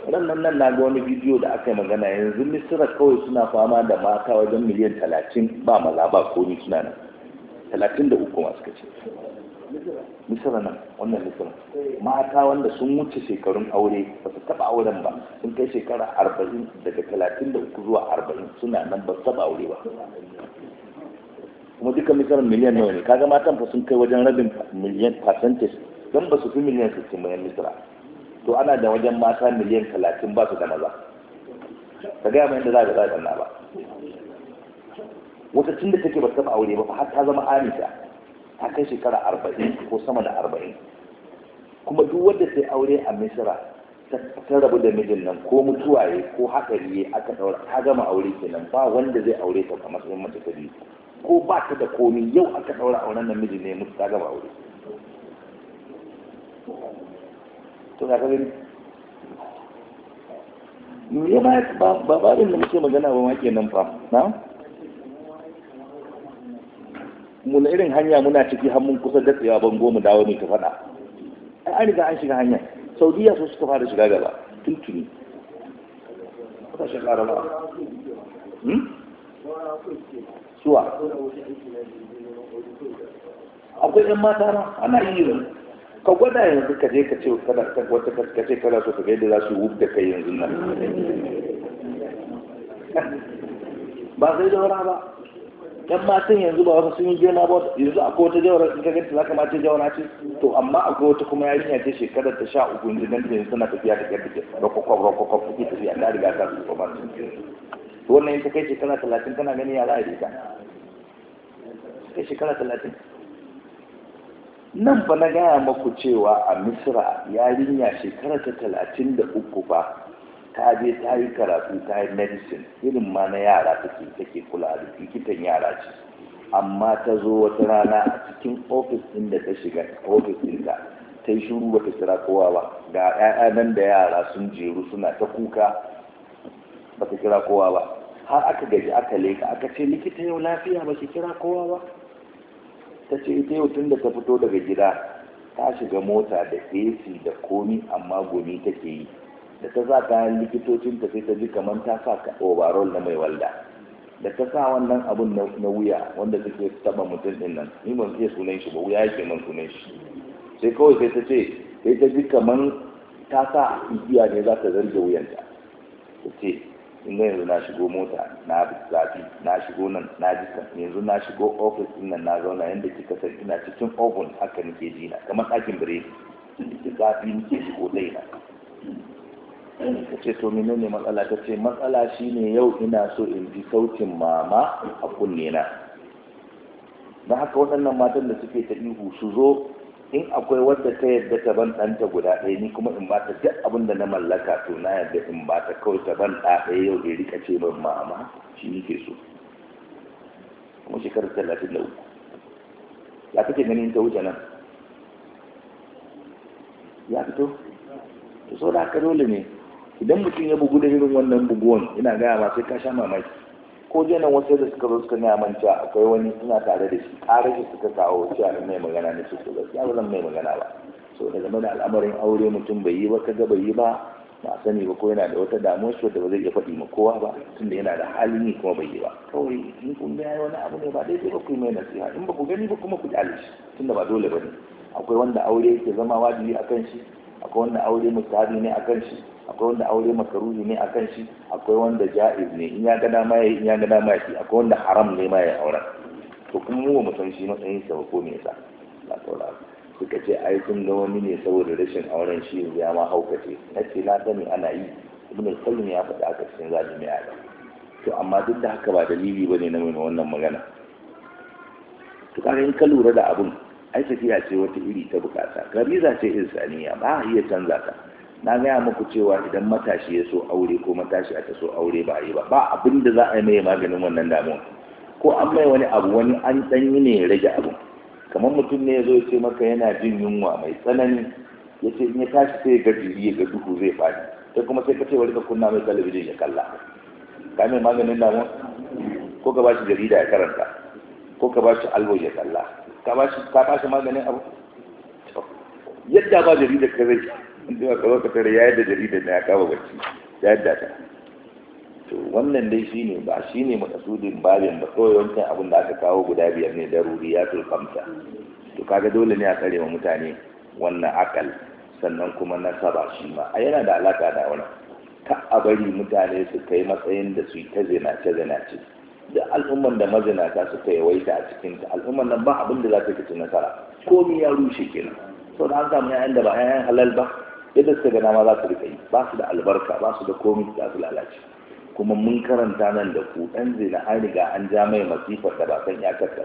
nan nan na ga wani bidiyo da aka yi magana yanzu misira kawai suna fama da mata wajen miliyan talatin ba maza ba ni suna nan talatin da uku masu kace misira nan wannan misira eh. mata wanda sun wuce shekarun aure ba su taba auren ba sun kai shekara arba'in daga talatin da uku zuwa arba'in suna nan ba su taba aure ba kuma duka misalan miliyan nawa ne kaga matan fa sun kai wajen rabin miliyan percentage don ba su fi miliyan 60 bayan misira to ana da wajen mata miliyan talatin ba su da maza ka gaya mai da za ka za ka ba wata tun da take ba su taba aure ba har ta zama amisa ta kai shekara arba'in ko sama da arba'in kuma duk wanda sai aure a misira ta rabu da mijin nan ko mutuwa ya ko haɗari ya aka ɗaura ta gama aure kenan ba wanda zai aure ta a matsayin mace ta biyu ko ba ta da komi yau aka ɗaura auren nan mijin ne mutu ta gama aure to ka ba ne ba ba ba ba muke ba ba ba ba ba. na muna irin hanya muna ciki har mun kusa datsewa bango mu dawo ne ta ai an riga an shiga hanya saudiya su suka fara shiga gaba tuntuni ba hmm suwa akwai yan mata na ana yi yanzu ka gwada yanzu ka je ka ce kana ka wata ka ce kana so ka ga yadda za su wubda kai yanzu nan ba sai da wara ba yan matan yanzu ba wasu sun yi girma ba yanzu akwai wata jawara sun kaga ta zaka mace jawara ce to amma akwai wata kuma yarinya ce shekarar ta sha uku inda nan yanzu tana tafiya da kyar da da rokokof take tafiya ta riga ta su kuma to wannan in da kai shekara talatin tana gani yara a rika kai shekara talatin nan fa na gaya maku cewa a misira yarinya shekara ta talatin da uku ba ta je ta yi karatu ta yi medicine irin ma na yara take take kula da likitan yara ce amma ta zo wata rana a cikin ofis ɗin da ta shiga ofis ɗinta ta yi shiru ba ta kira kowa ba ga ƴaƴa nan da yara sun jeru suna ta kuka ba ta kira kowa ba har aka gaji aka leka aka ce likita yau lafiya ba ki kira kowa ba ta ce ita yau tun da ta fito daga gida ta shiga mota da ac da komi amma gumi take yi da ta sa kayan likitocin ta sai ta ji kamar ta sa overall na mai walda da ta sa wannan abun na wuya wanda take taba mutum din nan ni ban iya sunan shi ba wuya yake man sunan shi sai kawai sai ta ce sai ta ji kamar ta sa igiya ne za ta zarge wuyanta ta ce in ga yanzu na shigo mota na zafi na shigo nan na ji yanzu na shigo ofis din nan na zauna yanda kika san ina cikin oven haka nake ji na kamar ɗakin biredi zafi nake shigo dai na ta ce to mene ne matsala ta ce matsala shine yau ina so in ji sautin mama a kunne na don haka waɗannan matan da suke ta ihu su zo in akwai wadda ta yadda ta ban ɗanta guda ɗaya ni kuma in bata duk abin da na mallaka to na yadda in bata kawai ta ban ɗaya yau bai rika ce ban mama shi ke so kuma shekarar talatin da uku ya kake ganin ta wuce nan ya fito to so da haka dole ne idan mutum ya bugu da irin wannan buguwan ina gaya ma sai ka sha mamaki ko jana wasu da suka zo suka gaya manta akwai wani suna tare da shi ƙarar da suka kawo cewa a mai magana ne suka gaskiya ba zan mai magana ba so da zama da al'amarin aure mutum bai yi ba kaga bai yi ba ba sani ba ko yana da wata damuwar shi da ba zai iya faɗi ma kowa ba tunda yana da halin yi kuma bai yi ba kawai in kun ga wani abu ne ba daidai ba ku mai nasiha in ba ku gani ba kuma ku kyale shi tunda ba dole ba ne akwai wanda aure ke zama wajibi akan shi akwai wanda aure musabi ne akan shi akwai wanda aure makaruhi ne akan shi akwai wanda ja'iz ne in ya ga dama yayi in ya ga dama shi akwai wanda haram ne ma ya aura to kuma mu mu san shi matsayin sa ko me yasa la taula suka ce ai sun ga wani ne saboda rashin auren shi ya ma haukace nace na sani ana yi ibn qayyim ya faɗa aka cikin zalimi ya to amma duk da haka ba dalili bane na mai wannan magana to kaga in ka lura da abun ai tafiya ce wata iri ta bukata gariza ce insaniya ba a iya canza ta na gaya muku cewa idan matashi ya so aure ko matashi ta so aure ba yi ba ba abin da za a yi mai maganin wannan damuwa ko an mai wani abu wani an yi ne ya rage abu kamar mutum ne ya zo ce maka yana jin yunwa mai tsanani ya ce in ya tashi sai ga jiri ga duhu zai faɗi sai kuma sai ka ce wani kunna mai talabijin ya kalla ka mai maganin damuwa ko ka ba shi jarida ya karanta ko ka ba shi albo ya kalla ka ba shi ka ba shi maganin abu yadda ba ka zai inda ka zo ka tare ya kama bacci ya yadda ta to wannan dai shine ba shine babin ba kawai wancan abin da aka kawo guda biyar ne daruri ya tulkamta to kaga dole ne a tsare wa mutane wannan akal sannan kuma na saba shi ma a yana da alaka da wannan ka a bari mutane su kai matsayin da su yi ta zinace zinace da al'umman da mazinata suka yawaita a cikin ta al'umman nan ba abin da za ta ci nasara komi ya rushe kenan so da an samu yayan da ba yayan halal ba yadda suka gana ma za su rika yi ba su da albarka ba su da komi za su lalace kuma mun karanta nan da ku ɗan zina an riga an ja mai masifar da ba san iyakar ba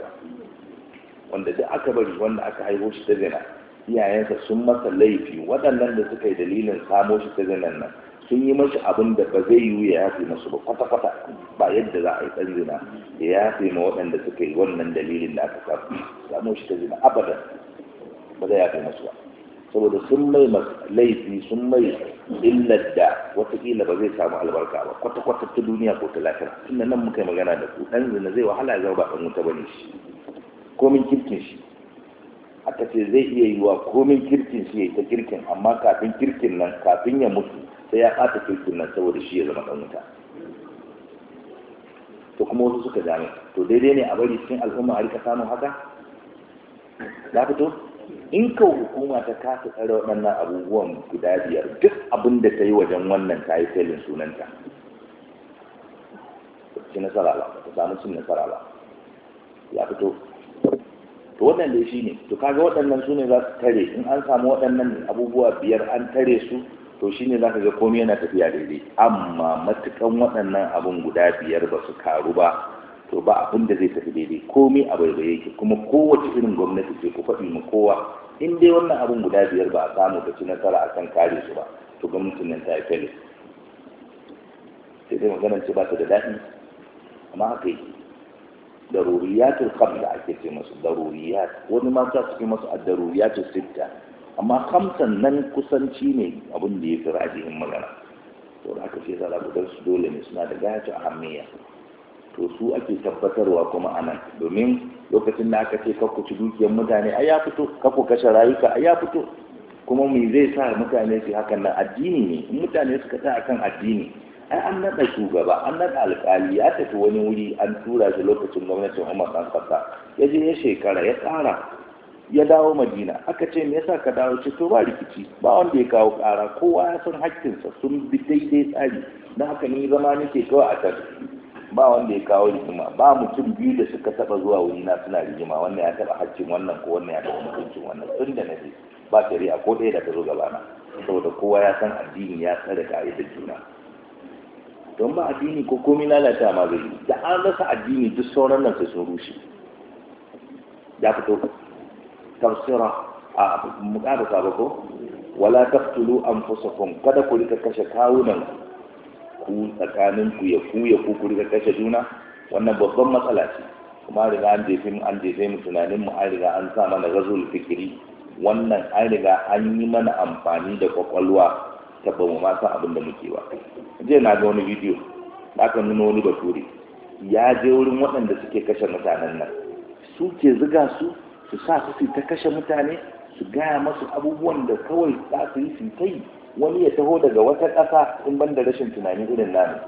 wanda duk aka bari wanda aka haihu shi ta zina iyayensa sun masa laifi waɗannan da suka yi dalilin samo shi ta zinan nan sun yi mashi abin da ba zai yiwu ya yafe masu ba kwata-kwata ba yadda za a yi ɗan zina ya yafe ma waɗanda suka yi wannan dalilin da aka samu samu shi ta zina abadan ba zai yafe masu ba saboda sun mai laifi sun mai illar da watakila ba zai samu albarka ba kwata-kwata ta duniya ko ta lafiya tun nan muka yi magana da ku ɗan zina zai wahala ya zama ba ɗan wuta ba ne shi komin kirkin shi aka ce zai iya yiwa komin kirkin shi ya yi ta kirkin amma kafin kirkin nan kafin ya mutu sai ya kata kirkin nan saboda shi ya zama ɗan wuta to kuma wasu suka zame, to daidai ne a bari cikin al'umma a rika samun haka ya fito in ka hukuma ta kasa tsare waɗannan abubuwan guda biyar duk abin da ta yi wajen wannan ta yi felin sunanta ci nasara ba ta samu cin nasara ba ya fito to wannan dai shi ne to kaga waɗannan su ne za su tare in an samu waɗannan abubuwa biyar an tare su to shi ne zaka ga komai yana tafiya daidai amma matukan waɗannan abin guda biyar ba su karu ba to ba abin da zai tafi daidai komai a baibaye yake kuma kowace irin gwamnati ce ku faɗi mu kowa in dai wannan abin guda biyar ba a samu ta ci nasara a kan kare su ba to gwamnatin nan ta yi fele sai dai maganar ce ba ta da daɗi amma haka yi daruriyatul qabla ake ce masu daruriyat wani ma ta su masu ad daruriyatul sitta amma hamsan nan kusanci ne abin da ya fi rajihin magana to da aka ce za su dole ne suna da gaci a hamiya to su ake tabbatarwa kuma a nan domin lokacin da aka ce kakku ci dukiyar mutane a ya fito kakku kashe rayuka a ya fito kuma me zai sa mutane su hakan nan addini ne in mutane suka sa akan addini ai an naɗa shugaba an naɗa alƙali ya tafi wani wuri an tura shi lokacin gwamnatin umar ɗan ƙasa ya je ya shekara ya tsara ya dawo madina aka ce me yasa ka dawo ce to ba rikici ba wanda ya kawo kara kowa ya san haƙƙinsa sun bi daidai tsari na haka ni zama nake kawai a kan ba wanda ya kawo rigima ba mutum biyu da suka taba zuwa wuri na suna rigima wannan ya taba haƙƙin wannan ko wannan ya taba mutuncin wannan tun da na ba ba shari'a ko ɗaya da ta zo gaba na. saboda kowa ya san addini ya tsare da juna don ba addini ko komai lalata ma zai da an rasa addini duk sauran nan sai sun rushe ya fito مستبصرة a سابقو ولا تقتلوا أنفسكم قد قلت kada ku tsakanin ku ya ku ya ku ku riga kashe juna wannan babban matsala ce kuma riga an jefe mu an jefe mu tunanin mu an riga an sa mana gazul fikiri wannan an riga an yi mana amfani da kwakwalwa ta ba mu ma san abin da muke ba jiya na ga wani bidiyo da aka nuna wani bature ya je wurin waɗanda suke kashe mutanen nan su ke ziga su su sa su ta kashe mutane su gaya masu abubuwan da kawai za su yi su yi wani ya taho daga wata ƙasa in ban da rashin tunani irin nanu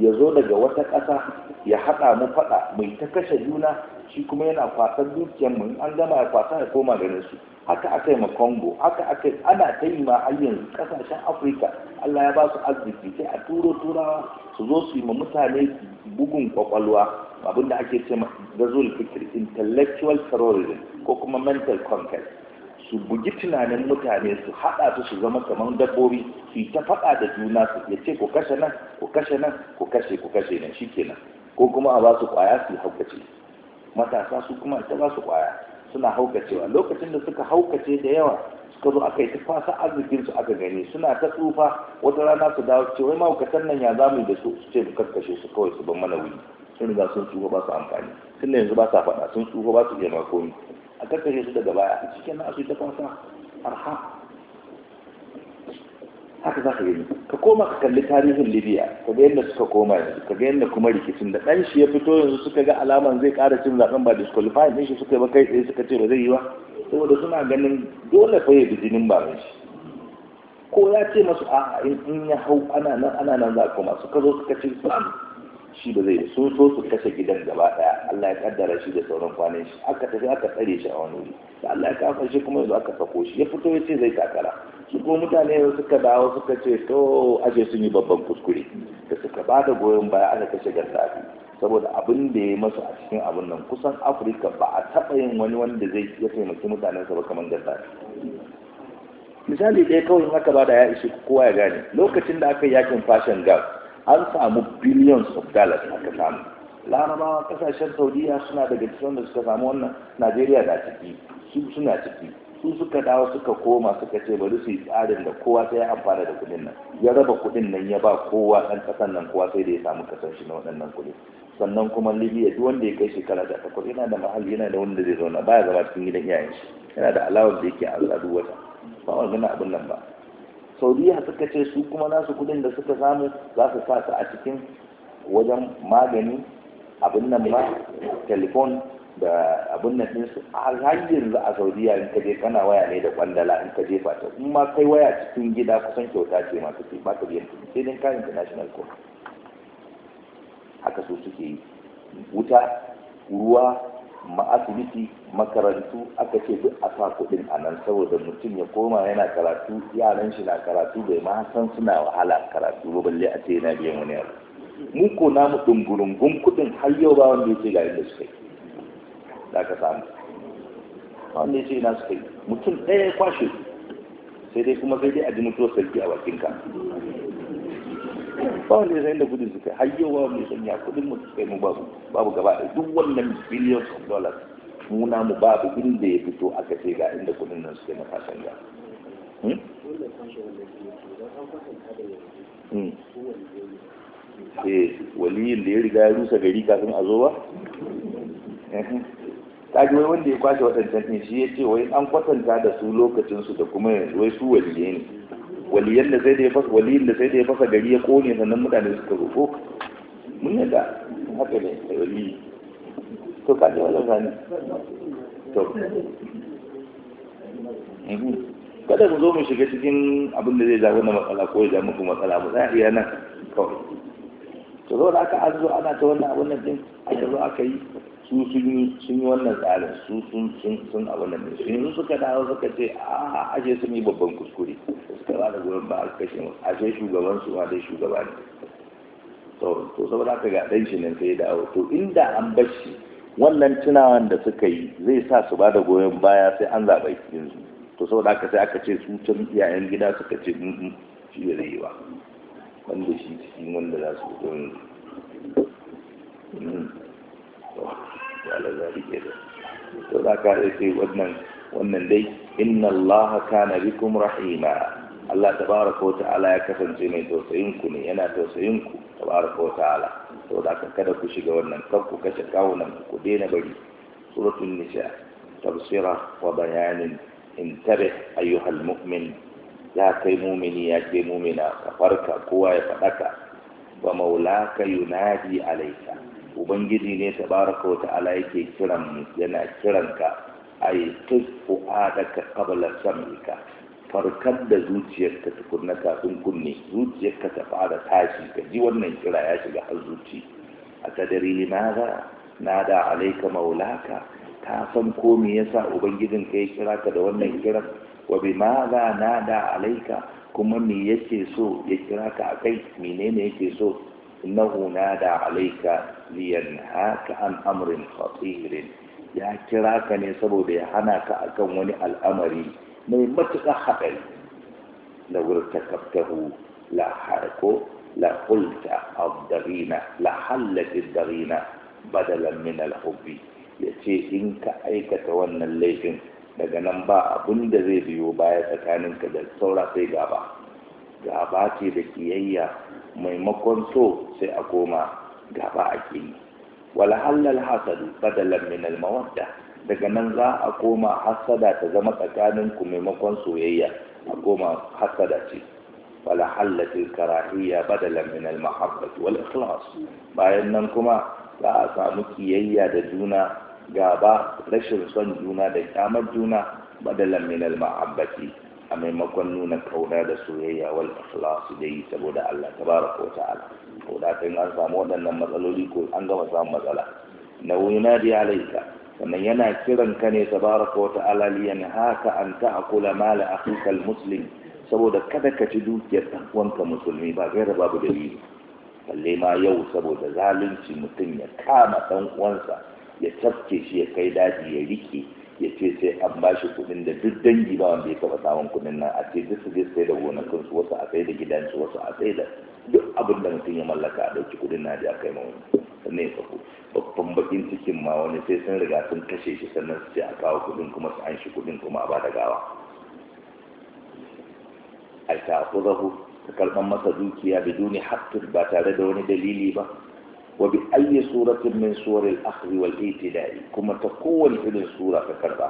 ya zo daga wata ƙasa ya haɗa mu faɗa mai ta kashe juna shi kuma yana kwasar dukiyar mu an gama ya kwasa ya koma ganin su haka aka yi ma Congo haka aka yi, ana ta yi ma har yanzu ƙasashen Afirka Allah ya ba su arziki sai a turo turawa su zo su yi ma mutane bugun kwakwalwa abin da ake ce gazul fikir intellectual terrorism ko kuma mental conquest su bugi tunanin mutane su haɗa su su zama kamar dabbobi su yi ta faɗa da juna su ya ce ku kashe nan ku kashe nan ku kashe ku kashe nan shikenan ko kuma a ba su kwaya su haukace matasa su kuma ta ba su kwaya suna haukacewa lokacin da suka haukace da yawa suka zo aka yi ta fasa arzikin su aka gani suna ta tsufa wata rana su dawo cewa ce wai mahaukatan nan ya zamu da su su ce mu kakkashe su kawai su ban mana wuyi. sun riga sun tsufa ba su amfani tun da yanzu ba sa faɗa sun tsufa ba su iya komi a kakkashe su daga baya a cikin na ta fansa arha haka za ka gani ka koma ka kalli tarihin libya ka ga yadda suka koma yanzu ka ga yadda kuma rikicin da ɗan shi ya fito yanzu suka ga alaman zai ƙara cin zaɓen ba disqualify ɗin shi suka yi ba kai tsaye suka ce ba zai yi ba saboda suna ganin dole fa ya bi jinin ba shi ko ya ce masu a'a in ya hau ana nan ana nan za a koma suka zo suka ce sam shi ba zai so so su kashe gidan gaba daya Allah ya kaddara shi da sauran kwanan shi aka tafi aka tsare shi a wani wuri da Allah ya kafa shi kuma yanzu aka sako shi ya fito ya ce zai takara su kuma mutane suka dawo suka ce to aje sun yi babban kuskure da suka ba da goyon baya aka kashe gardafi saboda abin da ya masu a cikin abin nan kusan afirka ba a taɓa yin wani wanda zai ya taimaki sa ba kamar gardafi misali ɗaya kawai haka ba da ya ishe kowa ya gane lokacin da aka yi yakin fashion gas. an samu billions of dollars ka samu larabawa kasashen saudiya suna da cikin wanda suka samu wannan najeriya da ciki su suna ciki su suka dawo suka koma suka ce bari su yi tsarin da kowa sai ya amfana da kuɗin nan ya raba kuɗin nan ya ba kowa ɗan ƙasan nan kowa sai da ya samu ƙasar na waɗannan kuɗi sannan kuma libya duk wanda ya kai shekara da takwas yana da mahalli yana da wanda zai zauna baya zama cikin gidan iyayen shi yana da alawar da yake a duk wata ba wani abin nan ba saudiya suka ce su kuma nasu kudin da suka samu za su sa su a cikin wajen magani abin nan ba telefon da abin nan ɗinsu har yanzu a saudiya in ka je kana waya ne da kwandala in ka je fata in ma kai waya cikin gida kusan kyauta ce masu ce ba ka biyan kuɗi sai dai ka international court haka su suke yi wuta ruwa asibiti makarantu aka ce duk a sa kuɗin a nan saboda mutum ya koma yana karatu yaran shi na karatu bai ma san suna wahala karatu ba balle a ce yana biyan wani abu mu ko na mu dungurungun kuɗin har yau ba wanda ya ce ga inda su kai za ka samu wanda ya ce na su kai mutum ɗaya ya kwashe sai dai kuma sai dai a ji mutuwar sarki a bakin ka. ba ne ya san inda kudin suka hayyawa yau ba mai sanya kudin mu suka mu babu babu gaba da duk wannan billions of dollars muna mu babu inda ya fito aka ce ga inda kudin nan suka maka ga hmm? hmm. eh waliyin da ya riga ya rusa gari kafin a zo ba eh, ji wai wanda ya kwashe waɗancan shi ya ce wai an kwatanta da su lokacinsu da kuma yanzu wai su waliyai ne waliyan da sai da ya fasa waliyin da sai da ya fasa gari ya kone sannan mutane suka roƙo mun yadda haka ne da waliyi to ka kaje wajen sani to mhm. kada ku zo mu shiga cikin abin da zai ja wannan matsala ko ya ja muku matsala mu tsaya iya nan kawai to zo da aka an ana ta wannan abin nan din aka zo aka yi su sun yi wannan tsarin su sun sun sun a wannan mai sun suka dawo suka ce a ashe sun yi babban kuskure suka ba da gurin ba a kashe mu ashe shugaban su ma dai shugaba ne to saboda haka ga dan shi nan sai ya dawo to inda an bar shi wannan tunawan da suka yi zai sa su ba da goyon baya sai an zaɓa cikin su to saboda haka sai aka ce su can iyayen gida suka ce mm, mm, shi da zai yi ba wanda shi cikin wanda za su zo yanzu mm. wala zalike da to za ka wannan wannan dai inna Allah kana bikum rahima Allah tabaraka ta'ala ya kasance mai tausayin ku ne yana tausayin ku tabaraka wa ta'ala to da ka kada ku shiga wannan kan ku kashe kawunan ku daina bari suratul nisa tafsira wa bayanin intabe ayyuhal mu'min ya kai mumini ya kai mumina ka farka kowa ya faɗaka wa maulaka yunadi alaika ubangiji ne tabaraka wata ala yake kiran mu yana kiranka ay tusfu adaka qabla sam'ika farkar da tukur na kafin kunne zuciyarka ta fara tashi ka ji wannan kira ya shiga har zuci a kadari na da alaika maulaka ta san ko me yasa ubangijin ka ya kira ka da wannan kiran wa na da alaika kuma me yake so ya kira ka a kai? menene yake so إنه نادى عليك لينهاك عن أمر خطير يا كراك نسبو دي هناك أكون الأمر من متك حقل لو ارتكبته لا لا قلت الضغينة حلت الضغينة بدلا من الحب يتي إنك أيك تولى الليفين daga nan ba abin da zai biyo baya tsakaninka da saura sai gaba maimakon so sai a koma gaba a kini wala halal hasadu badalan min al mawadda daga nan za a koma hasada ta zama tsakanin ku maimakon soyayya a koma hasada ce wala halatil karahiyya badalan min al mahabbati wal ikhlas bayan nan kuma za a samu kiyayya da juna gaba rashin son juna da kyamar juna badalan min al mahabbati a maimakon nuna kauna da soyayya wal ikhlasu dai saboda Allah tabaraka wa ta'ala ko da kan an samu waɗannan matsaloli ko an gama samun matsala na wuna di alaika sannan yana kiran ka ne tabaraka wa ta'ala li yanhaka an ta'kula mal akhika al muslim saboda kada ka ci dukiyar dan uwanka musulmi ba gaira babu dalili balle ma yau saboda zalunci mutum ya kama dan uwansa ya tafke shi ya kai daji ya rike ya ce sai an ba shi kuɗin da duk dangi ba wanda ya taba samun kuɗin nan a ce duk su je sai da su wasu a da gidansu wasu a sai da duk abin da mutum ya mallaka a ɗauki kuɗin na da kai ma sannan ya tsaku babban bakin cikin ma wani sai sun riga sun kashe shi sannan su ce a kawo kuɗin kuma su an shi kuɗin kuma a ba da gawa a ta kuzahu ta karɓar masa dukiya da duni hattur ba tare da wani dalili ba wa bi suratun suratin min suwar al wal itida'i kuma ta kowace irin sura ta karba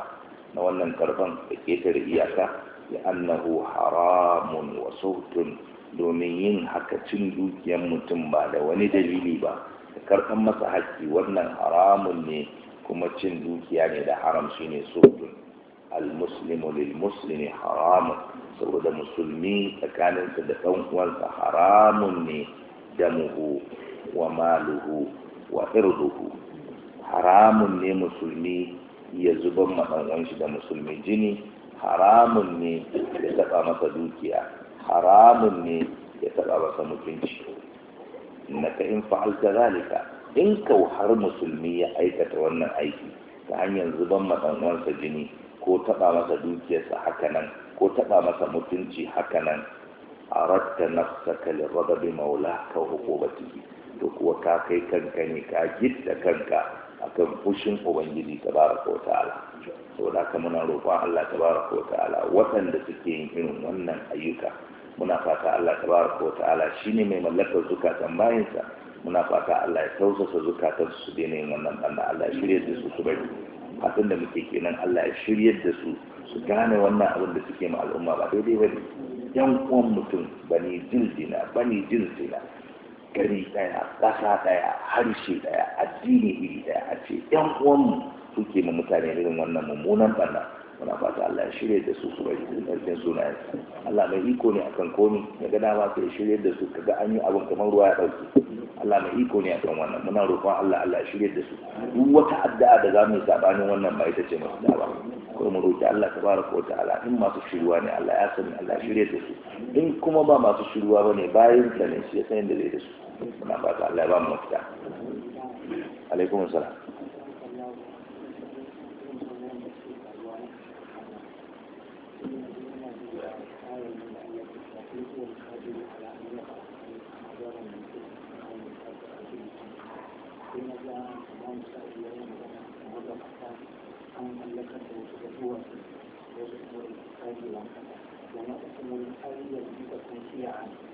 na wannan karban da ketare iyaka ya annahu haramun wa sautun domin yin haka cin dukiyar mutum ba da wani dalili ba da karɓar masa haƙƙi wannan haramun ne kuma cin dukiya ne da haram shi ne sautun almuslimu lil muslimi haramun saboda musulmi tsakaninsa da ɗan uwansa haramun ne damuhu wa maluhu wa irduhu haramun ne musulmi ya zuban maɗan shi da musulmi jini haramun ne ya taɓa masa dukiya haramun ne ya taɓa masa mutunci ka in fa'alta zalika in kau har musulmi ya aikata wannan aiki ta hanyar zuban maɗanwansa jini ko taɓa masa dukiyarsa haka nan, ko taɓa masa mutunci haka nan. hakanan أردت نفسك maula مولاك وعقوبته da kuwa ka kai kanka ne ka gitta kanka akan fushin ubangiji tabaraka wa ta'ala da haka muna roƙon Allah tabaraka wa ta'ala waɗanda suke yin irin wannan ayyuka muna fata Allah tabaraka wa ta'ala shine mai mallakar zukatan bayinsa muna fata Allah ya tausasa zukatan su da yanayin wannan banda Allah ya shirye da su su bari fatan da muke kenan Allah ya shirye da su su gane wannan abin da suke ma al'umma ba daidai ba ne yan uwan mutum ba ba jinsina bani jinsina gari daya, kasa daya harshe daya addini iri daya, a ce yan uwanmu suke mu mutane irin wannan mummunan bana? muna fata Allah ya shirya da su su bari su ƙarfin sunayen Allah mai iko ne akan komi ya ga dama sai shirya da su kaga an yi abin kamar ruwa ya ɗauki Allah mai iko ne akan wannan muna roƙon Allah Allah ya shirya da su duk wata addu'a da za mu yi sabanin wannan ba ita ce masu daba Kuma mu roƙi Allah tabaraka wata'ala in masu shiruwa ne Allah ya sani Allah ya shirya da su in kuma ba masu shiruwa bane bayan sa ne shi ya san da zai da su suna fata Allah ya ba mu mafita alaikum salam Thank you.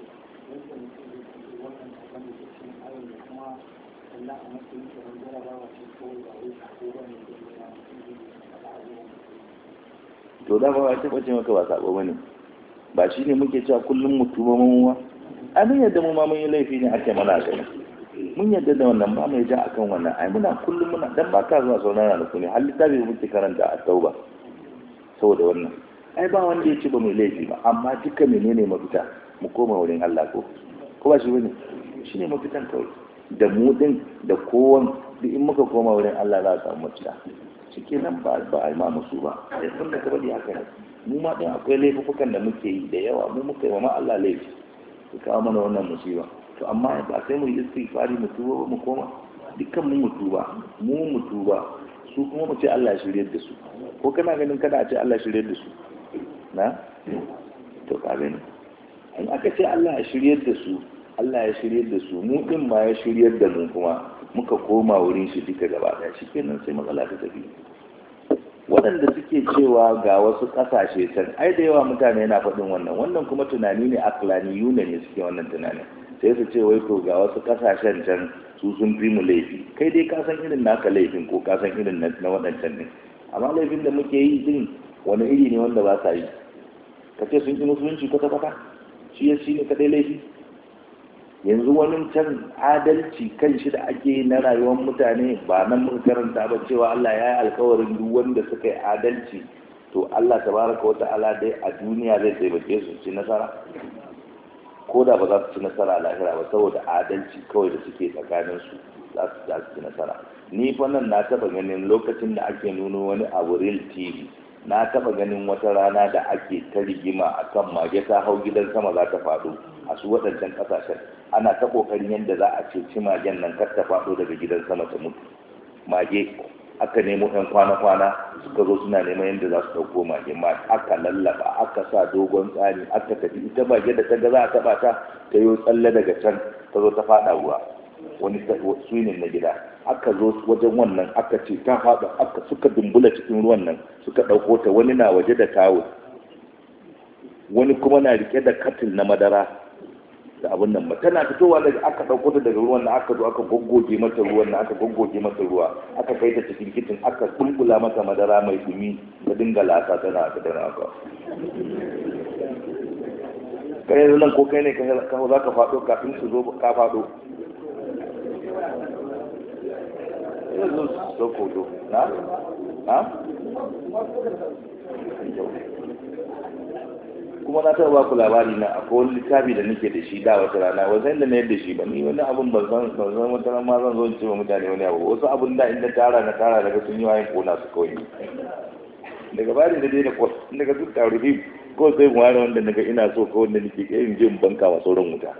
ce ba ba ne to da ba ta bace maka ba sabo bane ba ne muke cewa kullum mu tuba mun wa abin yadda mu ma mun yi laifi ne ake mana gani mun yadda da wannan ba mai ja akan wannan ai muna kullum muna dan ba ka zuwa sauran ranaku ne har bai muke karanta a tauba saboda wannan ai ba wanda ya ci ba mai laifi ba amma duka menene mafita mu koma wurin Allah ko ko ba shi bane shine mafitan kawai da mu da kowan duk in muka koma wurin Allah za a samu mafita cikin nan ba ba a yi ma musu ba sai sun da kabali haka ne mu ma din akwai laifukan da muke yi da yawa mu muka yi wa ma Allah laifi su kawo mana wannan musiba to amma ba sai mu yi istighfari mu tuba ba mu koma dukkan mu mutuba mu mutuba su kuma mu ce Allah shirye da su ko kana ganin kada a ce Allah shirye da su na to ka gani in aka ce Allah shirye da su Allah ya shirye da su mu din ma ya shiryar da mu kuma muka koma wurin shi duka gaba da shi kenan sai matsala ta tafi waɗanda suke cewa ga wasu ƙasashe can ai da yawa mutane yana faɗin wannan wannan kuma tunani ne aklani yuna ne suke wannan tunanin sai su ce wai to ga wasu ƙasashen can su sun fi mu laifi kai dai ka san irin naka laifin ko ka san irin na waɗancan ne amma laifin da muke yi din wani iri ne wanda ba sa yi ka ce sun ƙi musulunci kwata-kwata shi ya shi ne kaɗai laifi yanzu wani can adalci kan shi da ake na rayuwar mutane ba nan mun karanta ba cewa Allah ya yi alkawarin duk wanda suka yi adalci to Allah tabaraka wa ta'ala dai a duniya zai taimake su ci nasara ko da ba za su ci nasara a lahira ba saboda adalci kawai da suke tsakanin su za su za su ci nasara ni fa nan na taba ganin lokacin da ake nuno wani abu real tv na taba ganin wata rana da ake ta rigima akan mage ta hau gidan sama za ta faɗo a su waɗancan ƙasashen ana ta ƙoƙarin yadda za a ceci magen nan kar ta faɗo daga gidan sama ta mutu mage aka nemo ɗan kwana-kwana suka zo suna neman yadda za su ɗauko mage ma aka lallaba aka sa dogon tsari, aka tafi ita mage da ta ga za a taɓa ta ta yi tsalle daga can ta zo ta faɗa ruwa wani suinin na gida aka zo wajen wannan aka ce ta faɗa aka suka dumbula cikin ruwan nan suka ɗauko ta wani na waje da tawul wani kuma na rike da katil na madara da abin nan ba tana fitowa daga aka ɗauko ta daga ruwan nan aka zo aka goggoge mata ruwan nan aka goggoge mata ruwa aka kai ta cikin kitin aka tumbula mata madara mai dumi da dinga lasa tana aka tana aka kai yanzu nan ko kai ne ka za ka faɗo kafin su zo ka faɗo yanzu zo na na kuma na taɓa ku labari na akwai wani littafi da nake da shi da wata rana wasu inda na yadda shi ba ni wani abun ban san ban san wata rana ma zan zo in ce wa mutane wani abu wasu abun da inda tara na tara daga sun yi wayan kona su kawai daga bari da dai da kwas daga duk tarihi ko sai mu wani wanda naga ina so ko wanda nake kai in je in banka wa sauran wuta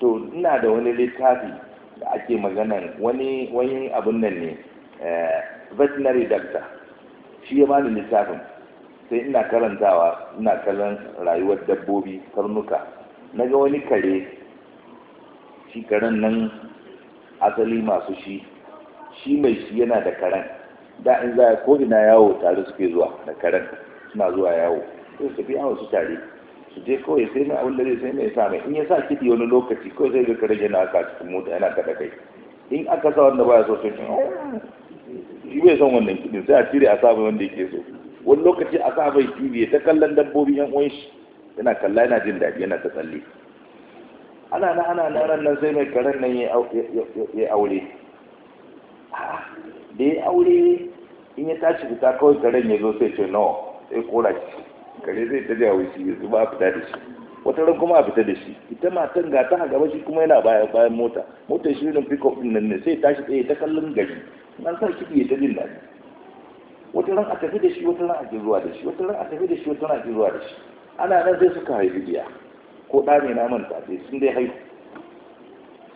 to ina da wani littafi da ake maganan wani wani abun nan ne eh, veterinary doctor shi ya bani littafin sai ina karantawa ina kallon rayuwar dabbobi karnuka na ga wani kare shi karen nan asali masu shi shi mai shi yana da karen da in za ko ina yawo tare suke zuwa da karen suna zuwa yawo sai su fi yawo su tare su je kawai sai mai abin da zai sai mai sa mai in ya sa kiɗi wani lokaci kawai sai ga karen yana aka cikin mota yana kada kai in aka sa wanda baya so sai oh. shi bai son wannan kiɗin sai a cire a sa wanda yake so wani lokaci a sa mai ya ta kallon dabbobi yan uwan shi yana kalla yana jin daɗi yana ta tsalle ana na ana na ran nan sai mai karen nan ya aure da ya aure in ya tashi fita kawai karen ya zo sai ce no sai kora shi kare zai ta jawo shi ya zuba a fita da shi wata ran kuma a fita da shi ita matan ga ta gaba shi kuma yana bayan bayan mota motar shirin ne pick up din nan ne sai tashi tsaye ta kallon gari na sa kiɗi ya ta jin daɗi wata ran a tafi da shi wata ran a ji zuwa da shi wata ran a tafi da shi wata ran a ji zuwa da shi ana nan zai suka haifi biya ko ɗa ne na manta sai sun dai haihu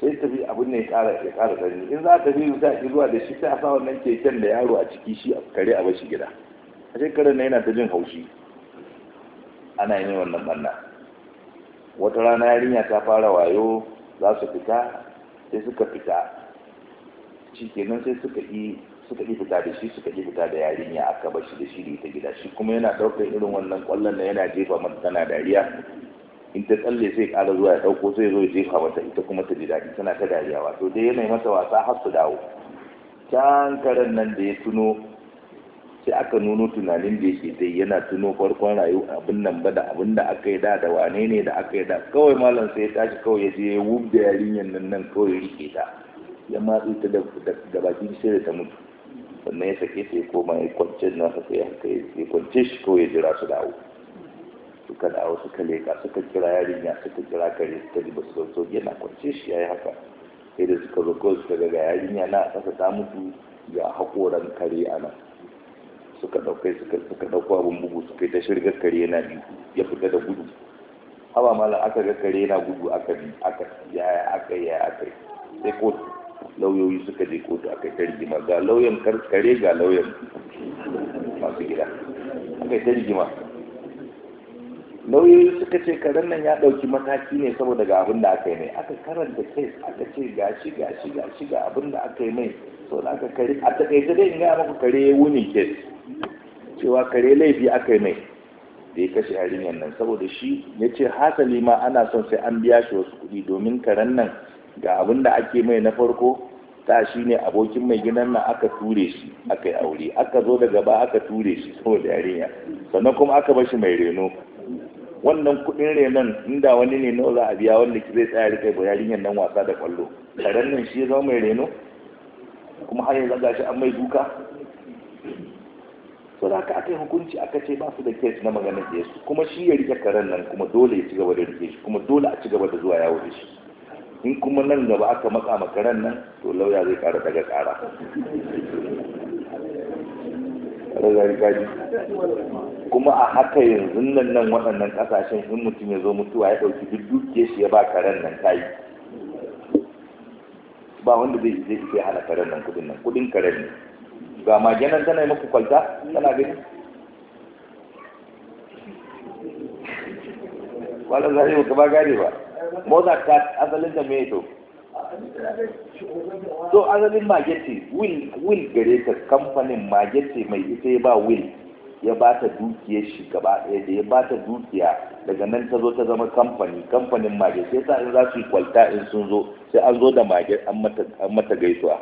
sai tafi abin ne ya ƙara ya gani in za a tafi da a zuwa da shi sai a sa wannan keken da yaro a ciki shi a kare a bashi gida a shekarar na yana ta jin haushi ana yin wannan banna wata rana yarinya ta fara wayo za su fita sai suka fita cikin nan sai suka yi suka yi fita da shi suka yi fita da yarinya aka bar da shi da ita gida shi kuma yana daukar irin wannan kwallon na yana jefa mata tana dariya in ta tsalle sai kara zuwa ya ɗauko sai zo ya jefa mata ita kuma ta ji daɗi tana ta dariya wato dai yana mata wasa har su dawo can karen nan da ya tuno sai aka nuno tunanin da yake dai yana tuno farkon rayu abin nan ba da abin da aka yi da da wane ne da aka yi da kawai malam sai ya tashi kawai ya je ya wub da yarinyar nan nan kawai rike ta ya matsi ta da baki sai da ta mutu sannan ya sake sai koma ya kwancin nasa sai haka ya kwanci shi ko ya jira su dawo suka dawo suka leka suka kira yarinya suka kira kare suka ji basu so yana kwanci shi yayi haka sai da suka zo kawai suka ga yarinya na kasa ta mutu ga haƙoran kare a nan suka daukai suka ɗauko dauko abun bugu suka yi ta shirgar kare yana biyu ya fita da gudu haba malam aka ga kare yana gudu aka bi aka yaya aka yaya aka sai kotu lauyoyi suka je kotu aka yi ta ga lauyan kare ga lauyan masu gida aka yi ta lauyoyi suka ce karen nan ya ɗauki mataki ne saboda ga abin da aka yi mai aka karanta kai aka ce gashi gashi gashi ga abin da aka yi mai so da aka kare a takaice dai in gaya maku kare wunin ke. cewa kare laifi aka yi mai da ya kashe harin nan saboda shi ya ce hasali ma ana son sai an biya shi wasu kuɗi domin karen nan ga abin da ake mai na farko ta shi ne abokin mai gidan nan aka ture shi aka yi aure aka zo da gaba aka ture shi saboda yarinya sannan kuma aka bashi mai reno wannan kudin renon inda wani ne na za a biya wanda zai tsaya rike ba yarinyar nan wasa da kwallo karen nan shi zama mai reno kuma har yanzu gashi an mai duka so da aka aka yi hukunci aka ce ba su da kes na maganar yesu kuma shi ya rike karen nan kuma dole ya ci gaba da rike shi kuma dole a ci gaba da zuwa yawo da shi in kuma nan gaba aka matsa makaran nan to lauya zai kara daga kara kuma a haka yanzu nan nan waɗannan ƙasashen in mutum ya zo mutuwa ya ɗauki duk dukiyar shi ya ba karen nan ta yi ba wanda zai zai zai hana karen nan kudin nan kudin karen ne ga maganan tana yi muku kwalta tana gani kwanan zai yi ba gane ba mother cat asalin da mai to to asalin magete will will gare ta kamfanin magete mai ita ya ba will ya ba ta dukiyar shi gaba ɗaya da ya ba ta dukiya daga nan ta zo ta zama kamfani kamfanin mage sai sa in za su yi kwalta in sun zo sai an zo da mage an mata gaisuwa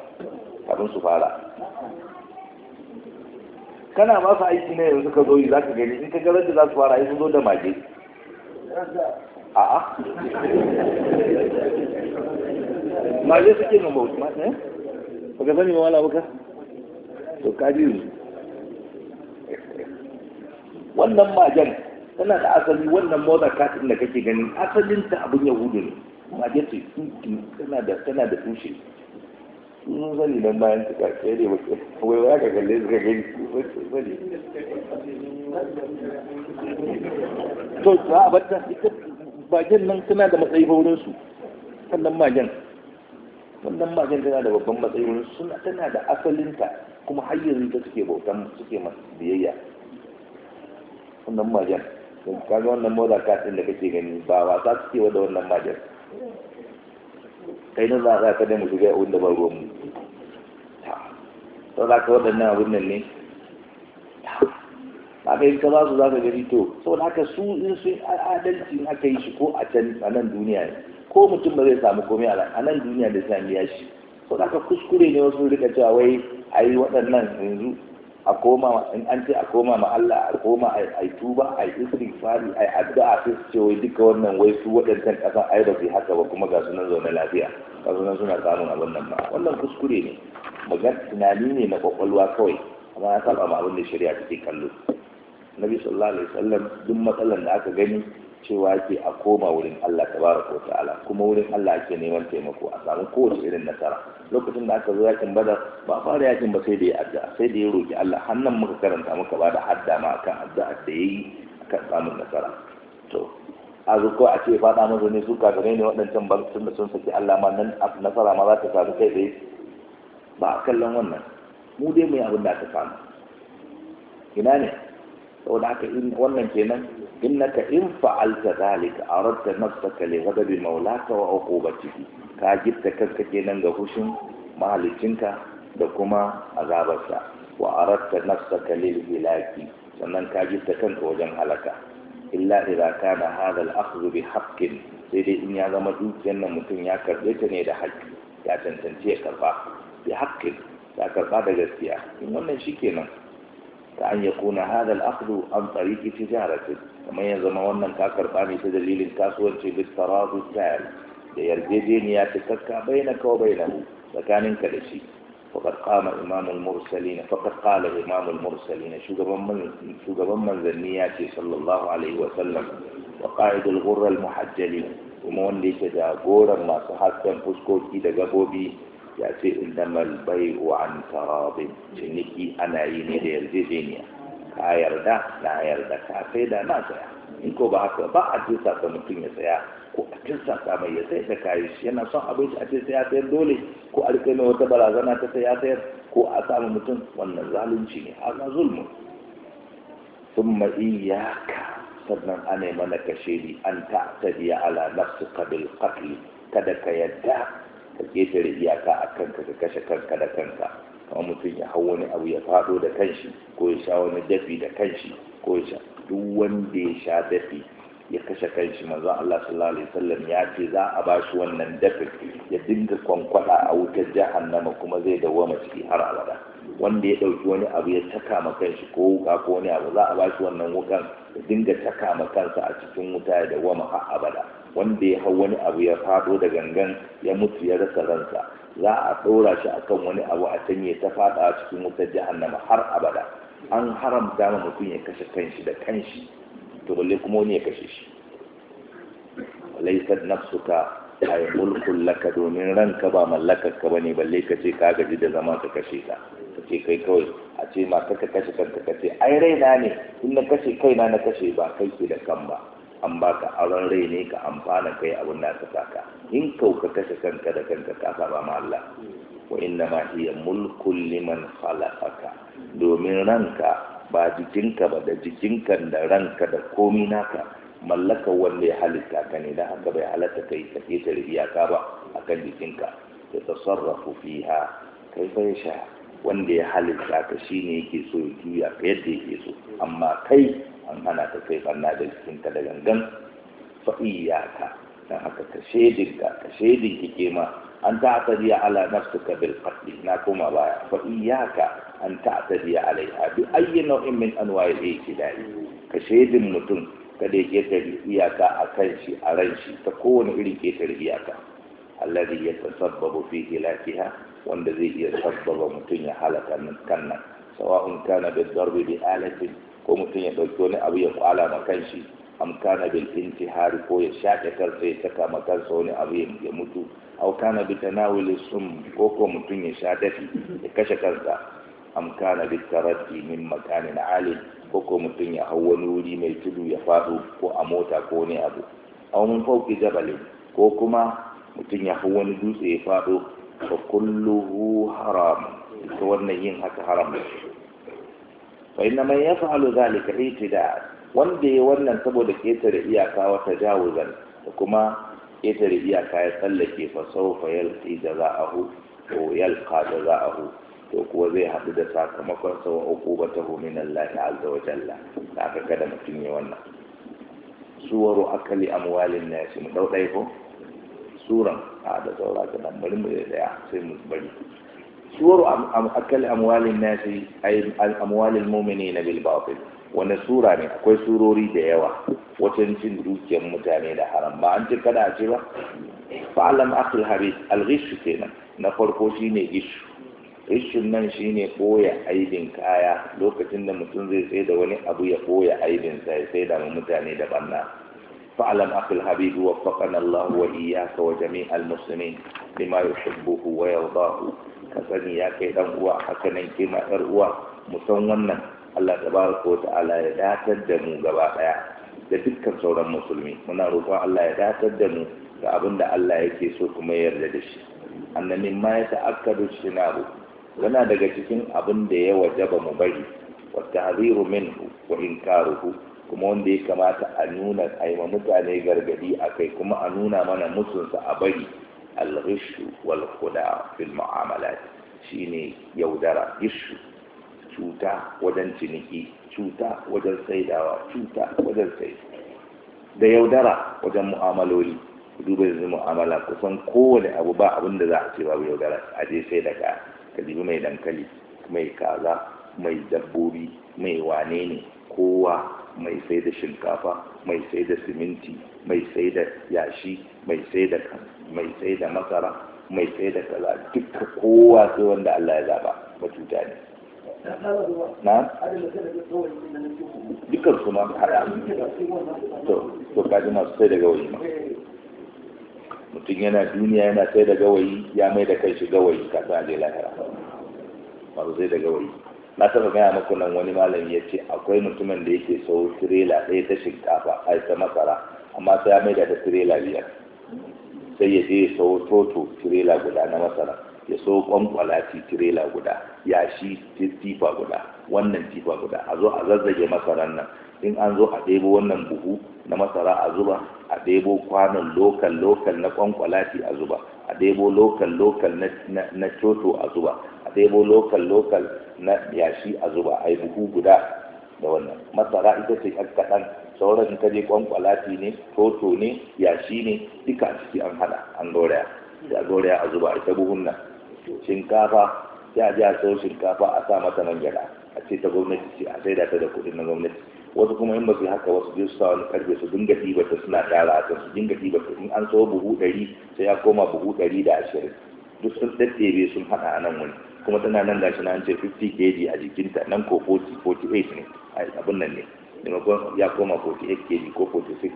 kafin su fara kana masu aiki ne yanzu ka zo yi za ka gani in ka ga za su fara yi sun zo da mage a'a a zai suke ma bauta ma ɗaya eh? ba ka sani ma wala baka to wannan majan tana da asali wannan mota katin da kake ganin asalin ta abin yahudu ne majan ce tana da tana da tushe sun zani nan bayan suka kere wai ya ga galle suka gani zani to za a ita magen nan tana da matsayi wurin su wannan magen wannan magen tana da babban matsayi wurin su suna tana da asalinta kuma har yanzu ta suke bautan suke masu biyayya wannan magen kaga wannan moda katin da kake gani ba ta suke wa da wannan magen kai nan za a ka dai mu shiga abin da ba ruwan mu to za ka wadannan abin nan ne kaga yi ka ba su zaka gari to saboda haka su in su adalci in aka yi shi ko a can a nan duniya ne ko mutum ba zai samu komai a nan duniya da sami ya shi saboda haka kuskure ne wasu rika cewa wai ayi waɗannan yanzu a koma in an ce a koma ma Allah a koma a yi tuba a yi istighfari a yi addu'a sai su ce wai duka wannan wai su waɗancan ƙasan ai ba su yi haka ba kuma ga sunan zaune lafiya ga sunan suna samun abin nan ba wannan kuskure ne magana tunani ne na kwakwalwa kawai amma ya saba ma abin da shari'a take kallo nabi sallallahu alaihi wasallam duk matsalan da aka gani cewa ke a koma wurin Allah tabaraka wa ta'ala kuma wurin Allah ake neman taimako a samu kowace irin nasara lokacin da aka zo yakin badar ba fara yakin ba sai da ya adda sai da ya roki Allah hannan muka karanta muka ba da hadda ma akan adda da yayi akan samun nasara to a zo ko a ce fada masa ne su gane ne waɗancan ba sun da sun saki Allah ma nan nasara ma za ta samu kai tsaye ba a kallon wannan mu dai mu yi abin da aka samu ina ne saboda haka wannan kenan innaka in fa'alta zalika aradta nafsaka li ghadabi maulaka wa uqubatihi ka gitta kanka kenan ga fushin mahaliccinka da kuma azabarsa wa aradta nafsaka lil hilaki sannan ka gitta kanka wajen halaka illa idza kana hadha al akhdh bi haqqin sai dai in ya zama dukiyar nan mutum ya karbe ta ne da haƙƙi ya tantance ya karba bi haqqin ya karba da gaskiya in wannan shikenan كأن يكون هذا الأخذ عن طريق تجارة كما ينظم وانا كاكر باني تدليل في بالتراض السائل ليرجدين يتسكى بينك وبينه مكان كدشي فقد قام إمام المرسلين فقد قال إمام المرسلين شو من ذنياتي صلى الله عليه وسلم وقائد الغر المحجلين ومولي ليس جاغورا ما صحات كان فسكوكي دقبوبي ya ce indamal bai wa an tarabin ciniki ana yi ne da yarjejeniya ka yarda na yarda ka sai da na saya in ko ba haka ba a tilsa ka mutum ya saya ko a tilsa ka mai ya sai da kayi yana son abinci a tilsa ya sayar dole ko a rike wata barazana ta sai ya sayar ko a samu mutum wannan zalunci ne a zulmu ثم ka sannan ana mana kashe ni an ta'tadiya ala nafsika bil qatl kada ka yadda ka ƙetare iyaka a kanka ka kashe kanka da kanka kuma mutum ya hau wani abu ya fado da kanshi ko ya sha wani dafi da kanshi ko ya sha duk wanda ya sha dafi ya kashe kanshi manzon Allah sallallahu alaihi wasallam ya ce za a ba shi wannan dafin ya dinga kwankwada a wutar jahannama kuma zai dawoma ciki har abada wanda ya dauki wani abu ya taka ma kanshi ko wuka ko wani abu za a ba shi wannan wukan ya dinga taka ma kansa a cikin wuta ya dawoma har abada wanda ya hau wani abu ya fado da gangan ya mutu ya rasa ransa za a ɗora shi akan wani abu a sanye ta fada cikin wutar jahannama har abada an haramta ma mutum ya kashe kanshi da kanshi to balle kuma wani ya kashe shi laysat nafsuka ay mulkul laka domin ranka ba mallakar ka bane balle ka ce ka gaji da zama ka kashe ka ce kai kawai a ce ma ka kashe kanka ka ce ai raina ne in na kashe kaina na kashe ba kai ke da kan ba an baka auren rai ne ka amfana kai abin da ka saka in kau ka kashe kanka da kanka ka saba ma Allah wa inna ma hiya mulkul liman khalaqaka domin ranka ba jikinka ba da jikinka da ranka da komi naka mallaka wanda ya halitta ka ne da haka bai halatta kai ka riya iyaka ba akan jikinka ya tasarrafu fiha kai fa sha wanda ya halitta ka shine yake so ya juya ka yadda yake so amma kai an hana ta kai banna da jikinka da gangan fa iyaka dan haka ka shedinka ka shedin ma an ta'tadi ala nafsika bil qatl na kuma baya fa iyaka an ta'tadi alaiha bi ayyi nau'in min anwa'i al-i'tidal ka shedin mutum kada ya ketare iyaka a kan shi a ran shi ta kowane irin ketare iyaka alladhi yatasabbabu fi hilakiha wanda zai iya sabbaba mutum ya halaka nan kan nan sawa'un kana bi darbi bi alatin ko mutum ya ɗauki wani abu ya kwala ma kanshi amkana bil intihari ko ya shaƙe kansa ya saka ma kansa wani abu ya mutu aw kana bi tanawuli sum ko ko mutum ya sha dafi ya kashe kansa amkana bi taraddi min makanin ali ko ko mutum ya hau wani wuri mai tudu ya faɗo ko a mota ko wani abu aw min fawqi jabalin ko kuma mutum ya hau wani dutse ya faɗo fa kulluhu haram ita wannan yin haka haram ya inna man yaf'alu zalika da wanda ya wannan saboda ketare iyaka wa tajawuzan da kuma ketare iyaka ya tsallake fa sawfa yalqi jaza'ahu to yalqa jaza'ahu to kuwa zai haɗu da sakamakon sa uku ba ta min Allah azza wa jalla da aka kada mutum ya wannan suwaru akali amwalin nasi mu dau ko suran a da saura ta nan bari mu daya sai mu bari suwaru akal amwalin nasi ay amwalil mu'minina bil batil wani sura ne akwai surori da yawa wajen cin dukiyar mutane da haram ba an ce kada a ce ba fa'alam akil habis alghishu kenan na farko shine gishu rishin nan shine koya aibin kaya lokacin da mutum zai sai da wani abu ya koya aibin sa ya sai da mutane da banna fa'alam akil habib wa faqana Allah wa iyyaka wa jami'al muslimin bima yuhibbu wa yardahu ka sani ya kai dan uwa haka nan ke ma yar uwa mu san wannan Allah tabaraka ta'ala ya datar da mu gaba daya da dukkan sauran musulmi muna roƙon Allah ya datar da mu ga abin da Allah yake so kuma ya yarda da shi annabi ma ya ta'akkadu shinabu yana daga cikin abin da ya wajaba mu bari wa tahziru minhu wa inkaruhu kuma wanda ya kamata a nuna a yi mutane gargadi a kai kuma a nuna mana musunsa a bari alghishu wal khuda fil mu'amalat shine yaudara gishu cuta wajen ciniki cuta wajen saidawa cuta wajen da yaudara wajen mu'amaloli duba yanzu mu'amala kusan kowane abu ba abin da za a ce babu yaudara a je sai da ka ka mai dankali mai kaza mai dabbobi mai wane ne kowa mai sai da shinkafa mai sai da siminti mai sai da yashi mai sai da mai sai da masara mai sai da kaza duka kowa sai wanda Allah ya zaba batuta ne na dukkan su ma hada to to kaji masu sai da gawayi ma mutum yana duniya yana sai da gawayi ya mai da kai shi gawayi kafin a je lahira masu sai da gawayi na saba gaya muku nan wani malami ya ce akwai mutumin da yake sau tirela ɗaya ta shinkafa a ta masara amma sai ya maida ta tirela biyar sai ya je ya sau toto tirela guda na masara ya so kwankwalati tirela guda yashi tifa guda wannan tifa guda a zo a zazzage masaran nan in an zo a ɗebo wannan buhu na masara a zuba a ɗebo kwanon lokal lokal na kwankwalati a zuba a ɗebo lokal lokal na coto a zuba a ɗebo lokal lokal na yashi a zuba a yi buhu guda da wannan masara ita ce yan kaɗan sauran ka je kwankwalati ne toto ne yashi ne duka a ciki an haɗa an gauraya da gauraya a zuba ita buhun nan shinkafa sai a a sau shinkafa a sa mata man gyaɗa a ce ta gwamnati ce a sai da ta da kuɗin na gwamnati wasu kuma in ba su haka wasu je su sa wani karfe su dinga ɗibarta suna ƙara a kan su dinga ɗibarta in an sau buhu ɗari sai ya koma buhu ɗari da ashirin duk sun ɗaɗɗebe sun haɗa a nan wani kuma tana nan gashi na an ce 50 kg a jikinta nan ko 40 48 ne a abin nan ne maimakon ya koma 48 kg ko 46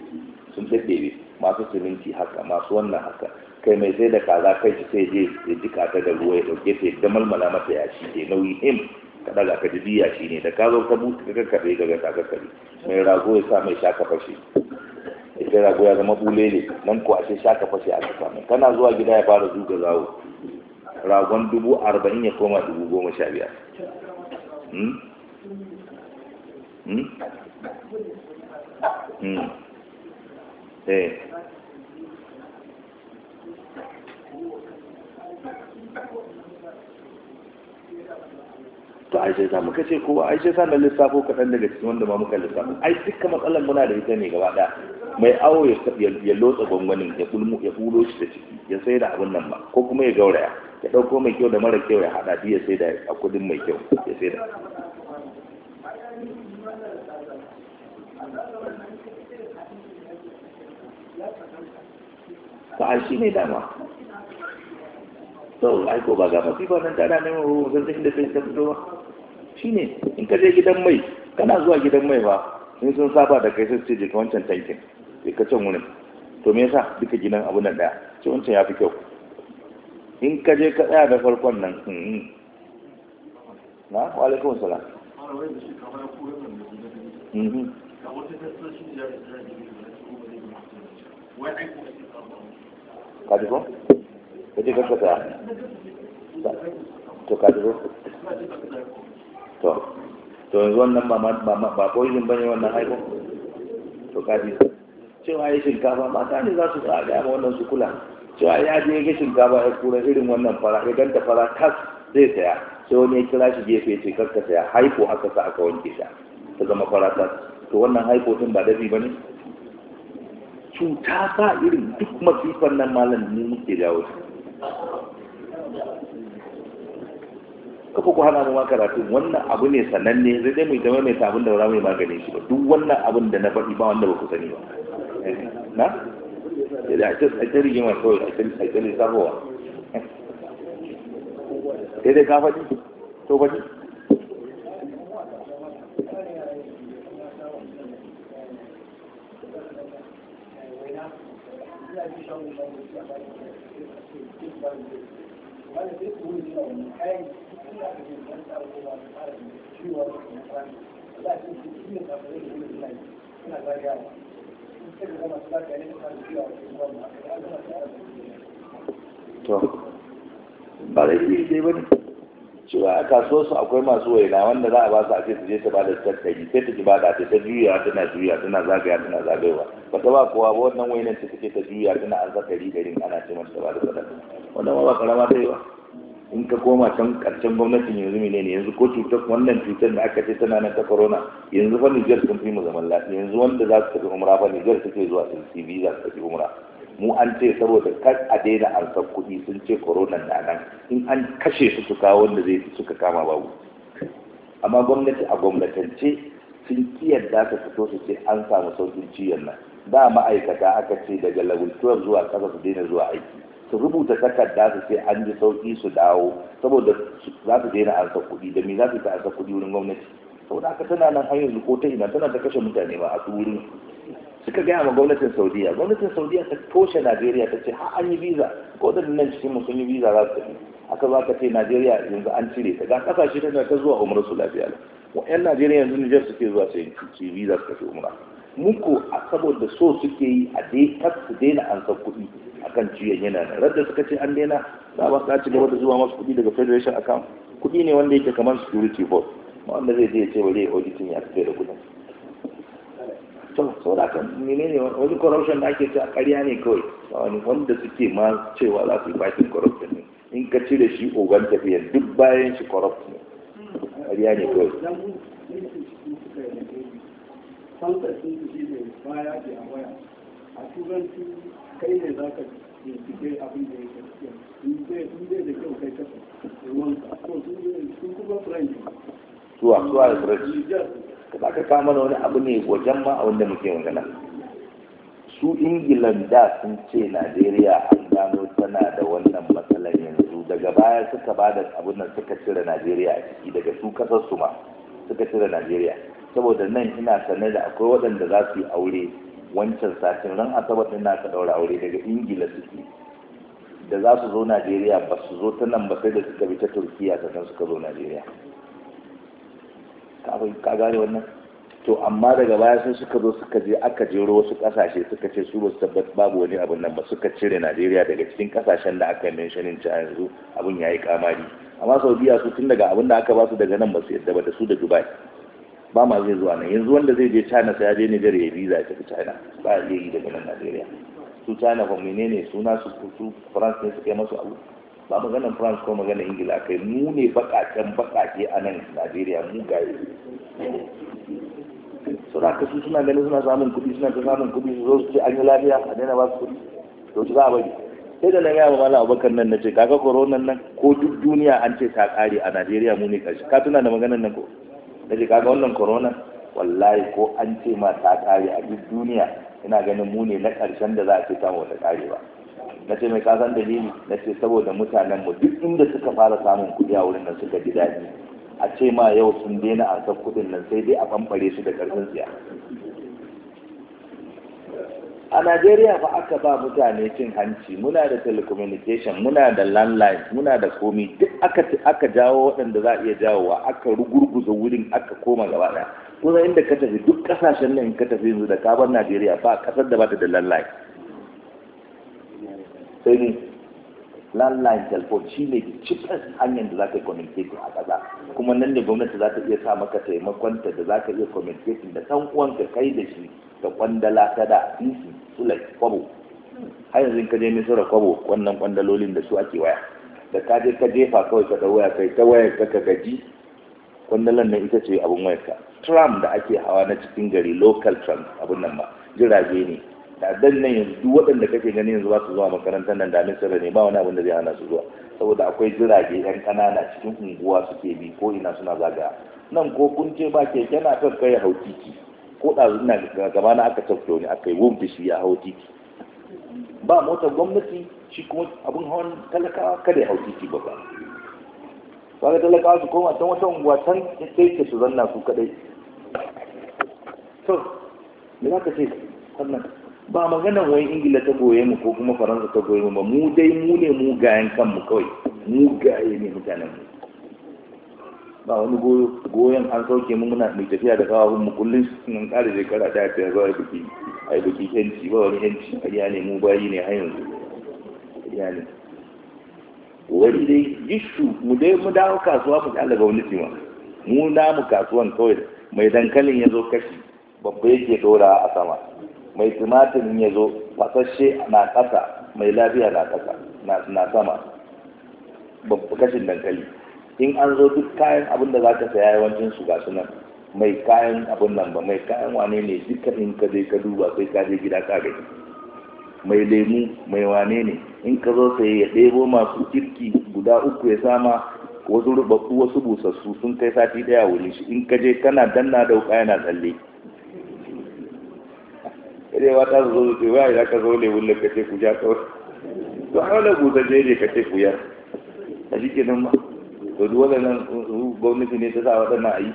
sun daddebe masu siminti haka masu wannan haka kai mai sai da kaza kai shi sai je ya jika ta da ruwa ya dauke ta da malmala mata ya shi dai nauyi him ka daga ka ji ya shi ne da ka zo ka buɗe ka kakkabe ka ga ka kakkabe mai rago ya sa mai shaka fashe sai rago ya zama ne nan ko ashe shaka fashe a kasa kana zuwa gida ya fara zuga zawo ragon dubu arba'in ya koma dubu goma sha biyar hmm? Hmm? Hmm? eh to ai sai sa muka ce kowa ai sai sa na lissafo kaɗan daga cikin wanda ma muka lissafo ai dukkan matsalar muna da ita ne gaba ɗaya mai awo ya lotsa gwangwanin ya kulo shi da ciki ya sai da abin nan ba ko kuma ya gauraya ya ɗauko mai kyau da mara kyau ya haɗa shi ya sai da a kudin mai kyau ya sai da ba a shi ne dama to ai ko ba ga mafi ba nan tana neman ruwan zan da sai ta fito ba ne in ka je gidan mai kana zuwa gidan mai ba in sun saba da kai ce je wancan tankin sai ka can wurin to me yasa duka gidan abu nan daya ce wancan ya fi kyau in ka je ka tsaya da farkon nan na wa alaikum salam mm-hmm. ko ka tsaya to ko to to yanzu wannan ba ba yin bane wannan haifin to kaji cewa ya shinkafa ta ne za su tsada ma wannan su kula cewa ya je ga shinkafa ya kura irin wannan fara ya ganta fara tas zai saya sai wani ya kira shi gefe ce karka saya haifo aka sa aka wanke shi ta zama fara tas to wannan haifo din ba dabi bane cuta ba irin duk masifan nan malam ne muke dawo kafa ku hana mu ma karatu wannan abu ne sananne zai dai mu zama mai sabon daura mai maganin shi ba duk wannan abin da na faɗi ba wanda ba ku sani ba na da da ake ake rigima kawai ake ake sabuwa? sai dai ka faɗi to faɗi Thank you. to ba da shi dai bane cewa a kasuwarsu akwai masu waina wanda za a ba su a ce su je ta ba da tattaki sai ta ji ba da ta juya tana juya tana zagaya tana zagayewa ba ta ba kowa ba wannan wainan ta take ta juya tana azzakari garin ana ce mata ba da sadaka wannan ba karama ta yi ba in ka koma can karshen gwamnatin yanzu ne ne yanzu ko cutar wannan cutar da aka ce tana nan ta corona yanzu fa Niger sun fi mu zaman lafiya yanzu wanda za su tafi umra fa Niger suke zuwa sun ci visa su tafi umra mu an ce saboda kar a daina ansar kuɗi sun ce corona na nan in an kashe su su kawo wanda zai suka kama babu amma gwamnati a gwamnatance sun kiyar da ta fito su ce an samu saukin ciyar nan ba ma'aikata aka ce daga level zuwa kasa su daina zuwa aiki su rubuta takarda su sai an ji sauki su dawo saboda za su daina ansa kuɗi da me za su yi ansa kuɗi wurin gwamnati saboda haka tana nan har yanzu ko ta ina tana ta kashe mutane ba a su wurin suka gaya ma gwamnatin saudiya gwamnatin saudiya ta toshe najeriya ta ce ha an yi visa ko da nan cikin mu sun yi visa za su tafi haka za ka ce najeriya yanzu an cire ta ga kasashe tana ta zuwa umar su lafiya lau wa'yan najeriya yanzu nijar suke zuwa sai visa su tafi umra muku a saboda so suke yi a dai kar su daina an san kuɗi kan ciyen yana da radda suka ce an daina za ba su ci gaba da zuwa masu kuɗi daga federation account kuɗi ne wanda yake kamar security board wanda zai je ce ba zai auditing ya fito da kuɗin to so da kan ne wani corruption da ake a ƙarya ne kawai wani wanda suke ma cewa za su yi fighting corruption ne in ka cire shi ogan tafiya duk bayan shi corrupt ne ƙarya ne kawai fansar sun su shi ne baya ke a waya a turanci kai ne za ka bincike abin da ya gaskiya sun zai da kyau kai kasa ruwanka ko sun kuma french suwa suwa da french ka ba ka kama wani abu ne wajen ma a wanda muke magana su ingilan da sun ce najeriya an gano tana da wannan matsalar yanzu daga baya suka ba da abin nan suka cire najeriya a ciki daga su kasar su ma suka cire najeriya saboda nan ina sane da akwai waɗanda za su yi aure wancan satin ran asabar ɗin na ka daura aure daga ingila suke da za su zo najeriya ba su zo ta nan ba sai da suka bi ta turkiya sannan suka zo najeriya ka gane wannan to amma daga baya sun suka zo suka je aka jero wasu kasashe suka ce su basu tabbat babu wani abin nan ba suka cire najeriya daga cikin kasashen da aka yi mentionin ta yanzu abin ya yi kamari amma saudiya su tun daga abin da aka ba su daga nan ba su yadda ba da su da dubai ba ma zai zuwa nan yanzu wanda zai je china sai ya je nijar ya visa ya tafi china ba ya yi daga nan najeriya su china fa menene suna su su france ne su kai masu abu ba maganar france ko maganar ingila kai mu ne bakaken bakake a nan najeriya mu gaye suna kasu suna ganin suna samun kuɗi suna ta samun kuɗi su zo su ce an yi lafiya a daina ba su kuɗi to su za a bari sai da nan ya ba malam abubakar nan na ce kaga koronan nan ko duk duniya an ce ta ƙare a najeriya mu ne ƙarshe ka tuna da maganar nan ko na ji kaga wannan corona wallahi ko an ce ma ta kare a duk duniya ina ganin mu ne na karshen da za a ce ta wata kare ba na ce mai kasan dalili na ce saboda mutanen mu duk inda suka fara samun kuɗi a wurin nan suka ji daɗi a ce ma yau sun daina a kuɗin nan sai dai a fanfare su da karfin siya. a najeriya ba aka ba mutane cin hanci muna da telecommunication muna da landline muna da komi duk aka aka jawo waɗanda za a iya jawowa aka rugurguza wurin aka koma gaba ɗaya kuma inda ka tafi duk ƙasashen nan ka tafi yanzu da kaban najeriya ba ƙasar da ba ta da landline sai ni landline telephone shi ne cheapest hanyar da za ka yi a ƙasa kuma nan ne gwamnati za ta iya sa maka taimakon ta da za ka iya communicating da ɗan ka kai da shi da kwandala ta da isi sulai kwabo har yanzu ka je misira kwabo wannan kwandalolin da su ake waya da ka je ka jefa kawai ka da waya kai ta waya ka ka gaji kwandalan na ita ce abin ka tram da ake hawa na cikin gari local tram abin nan ba jirage ne da dan nan yanzu waɗanda kake gani yanzu ba su zuwa makarantar nan da sirri ne ba wani abin da zai hana su zuwa saboda akwai jirage yan ƙanana cikin unguwa suke bi ko ina suna zaga nan ko kun ce ba ke kana kan kai hau titi ko da ina gaba na aka tafke ne aka yi wumfi shi ya hau titi ba motar gwamnati shi kuma abin hawan talakawa kada ya hau titi ba ba kaga talakawa su koma can wata unguwa can sai ke su zanna su kadai to me za ka ce sannan ba maganan wai ingila ta goye mu ko kuma faransa ta goye mu ba mu dai mu ne mu gayen kanmu kawai mu gaye ne mutanen mu ba wani goyon an sauke mu muna mai tafiya da kawo mu kullum sun kare shekara daya tafiya zuwa biki ai biki henci ba wani henci a ne mu bayi ne har yanzu ya ne wani dai gishu mu dai mu dawo kasuwa mu kyalla gwamnati ma mu namu kasuwan kawai mai dankalin ya zo kashi babba yake dora a sama mai tumatir ya zo fasashe na ƙasa mai lafiya na ƙasa na sama kashin dankali in an zo duk kayan abin da za ka saya yawancin su ga sunan mai kayan abin nan ba mai kayan wane ne duka in ka je ka duba sai ka je gida ka gani mai lemu mai wane ne in ka zo sai ya ɗebo masu kirki guda uku ya sama wasu rubabbu wasu busassu sun kai sati ɗaya wurin shi in ka je kana danna da wuka yana tsalle sai ya wata zo zo waya ya ka zo ne wulle ka ce ku ja to to a wala guda je ka ce ku ya a jike nan ma to duk wala nan gwamnati ne ta sa waɗannan ayi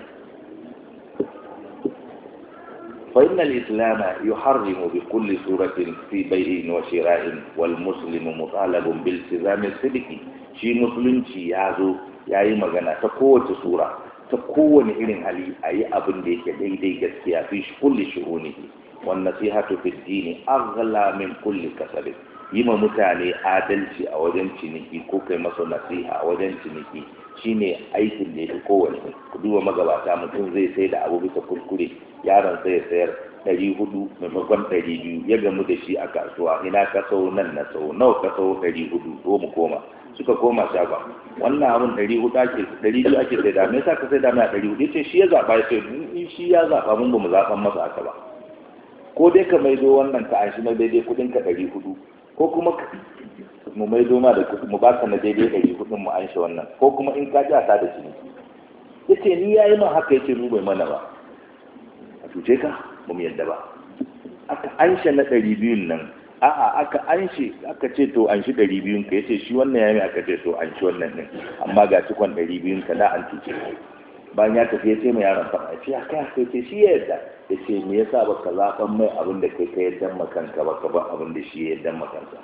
fa inna al-islam yuharrimu bi kulli suratin fi na washe shira'in wal muslimu mutalabun bil tizam sidiki shi musulunci ya zo ya yi magana ta kowace sura ta kowane irin hali a yi abin da yake daidai gaskiya fi kulli shuhunihi wan nasihatu fid dini aghla min kulli kasab yi ma mutane adalci a wajen ciniki ko kai masa nasiha a wajen ciniki shine aikin da yake kowanne ku duba magabata mutum zai sai da abu bisa kuskure yaron sai ya sayar ɗari hudu maimakon ɗari biyu ya gamu da shi a kasuwa ina ka sau nan na sau nawa ka sau ɗari hudu ko mu koma suka koma shagon wannan abun ɗari hudu ake ɗari biyu ake sai da me yasa ka sai da mai a ɗari hudu ya ce shi ya zaɓa ya ce shi ya zaɓa mun ba mu zaɓan masa aka ba ko dai ka maido wannan ka an shi na daidai kudin ka ɗari hudu ko kuma mu maido ma da kudi mu baka na daidai ɗari hudun mu an shi wannan ko kuma in ka ja ta da ya yace ni ya yi min haka yace mu bai mana ba a cuce ka ba mu yadda ba aka an shi na ɗari biyun nan a'a aka an shi aka ce to an shi ɗari biyun ka ya ce, shi wannan ya yi aka ce to an shi wannan din amma ga cikon ɗari biyun ka da an cuce ka bayan ya tafi ya ce mai yaron fara ya ce ya kai haka ce shi ya yadda ya ce me yasa baka zaɓan mai abin da kai ka yadda makanka baka ba abin da shi ya yadda makanka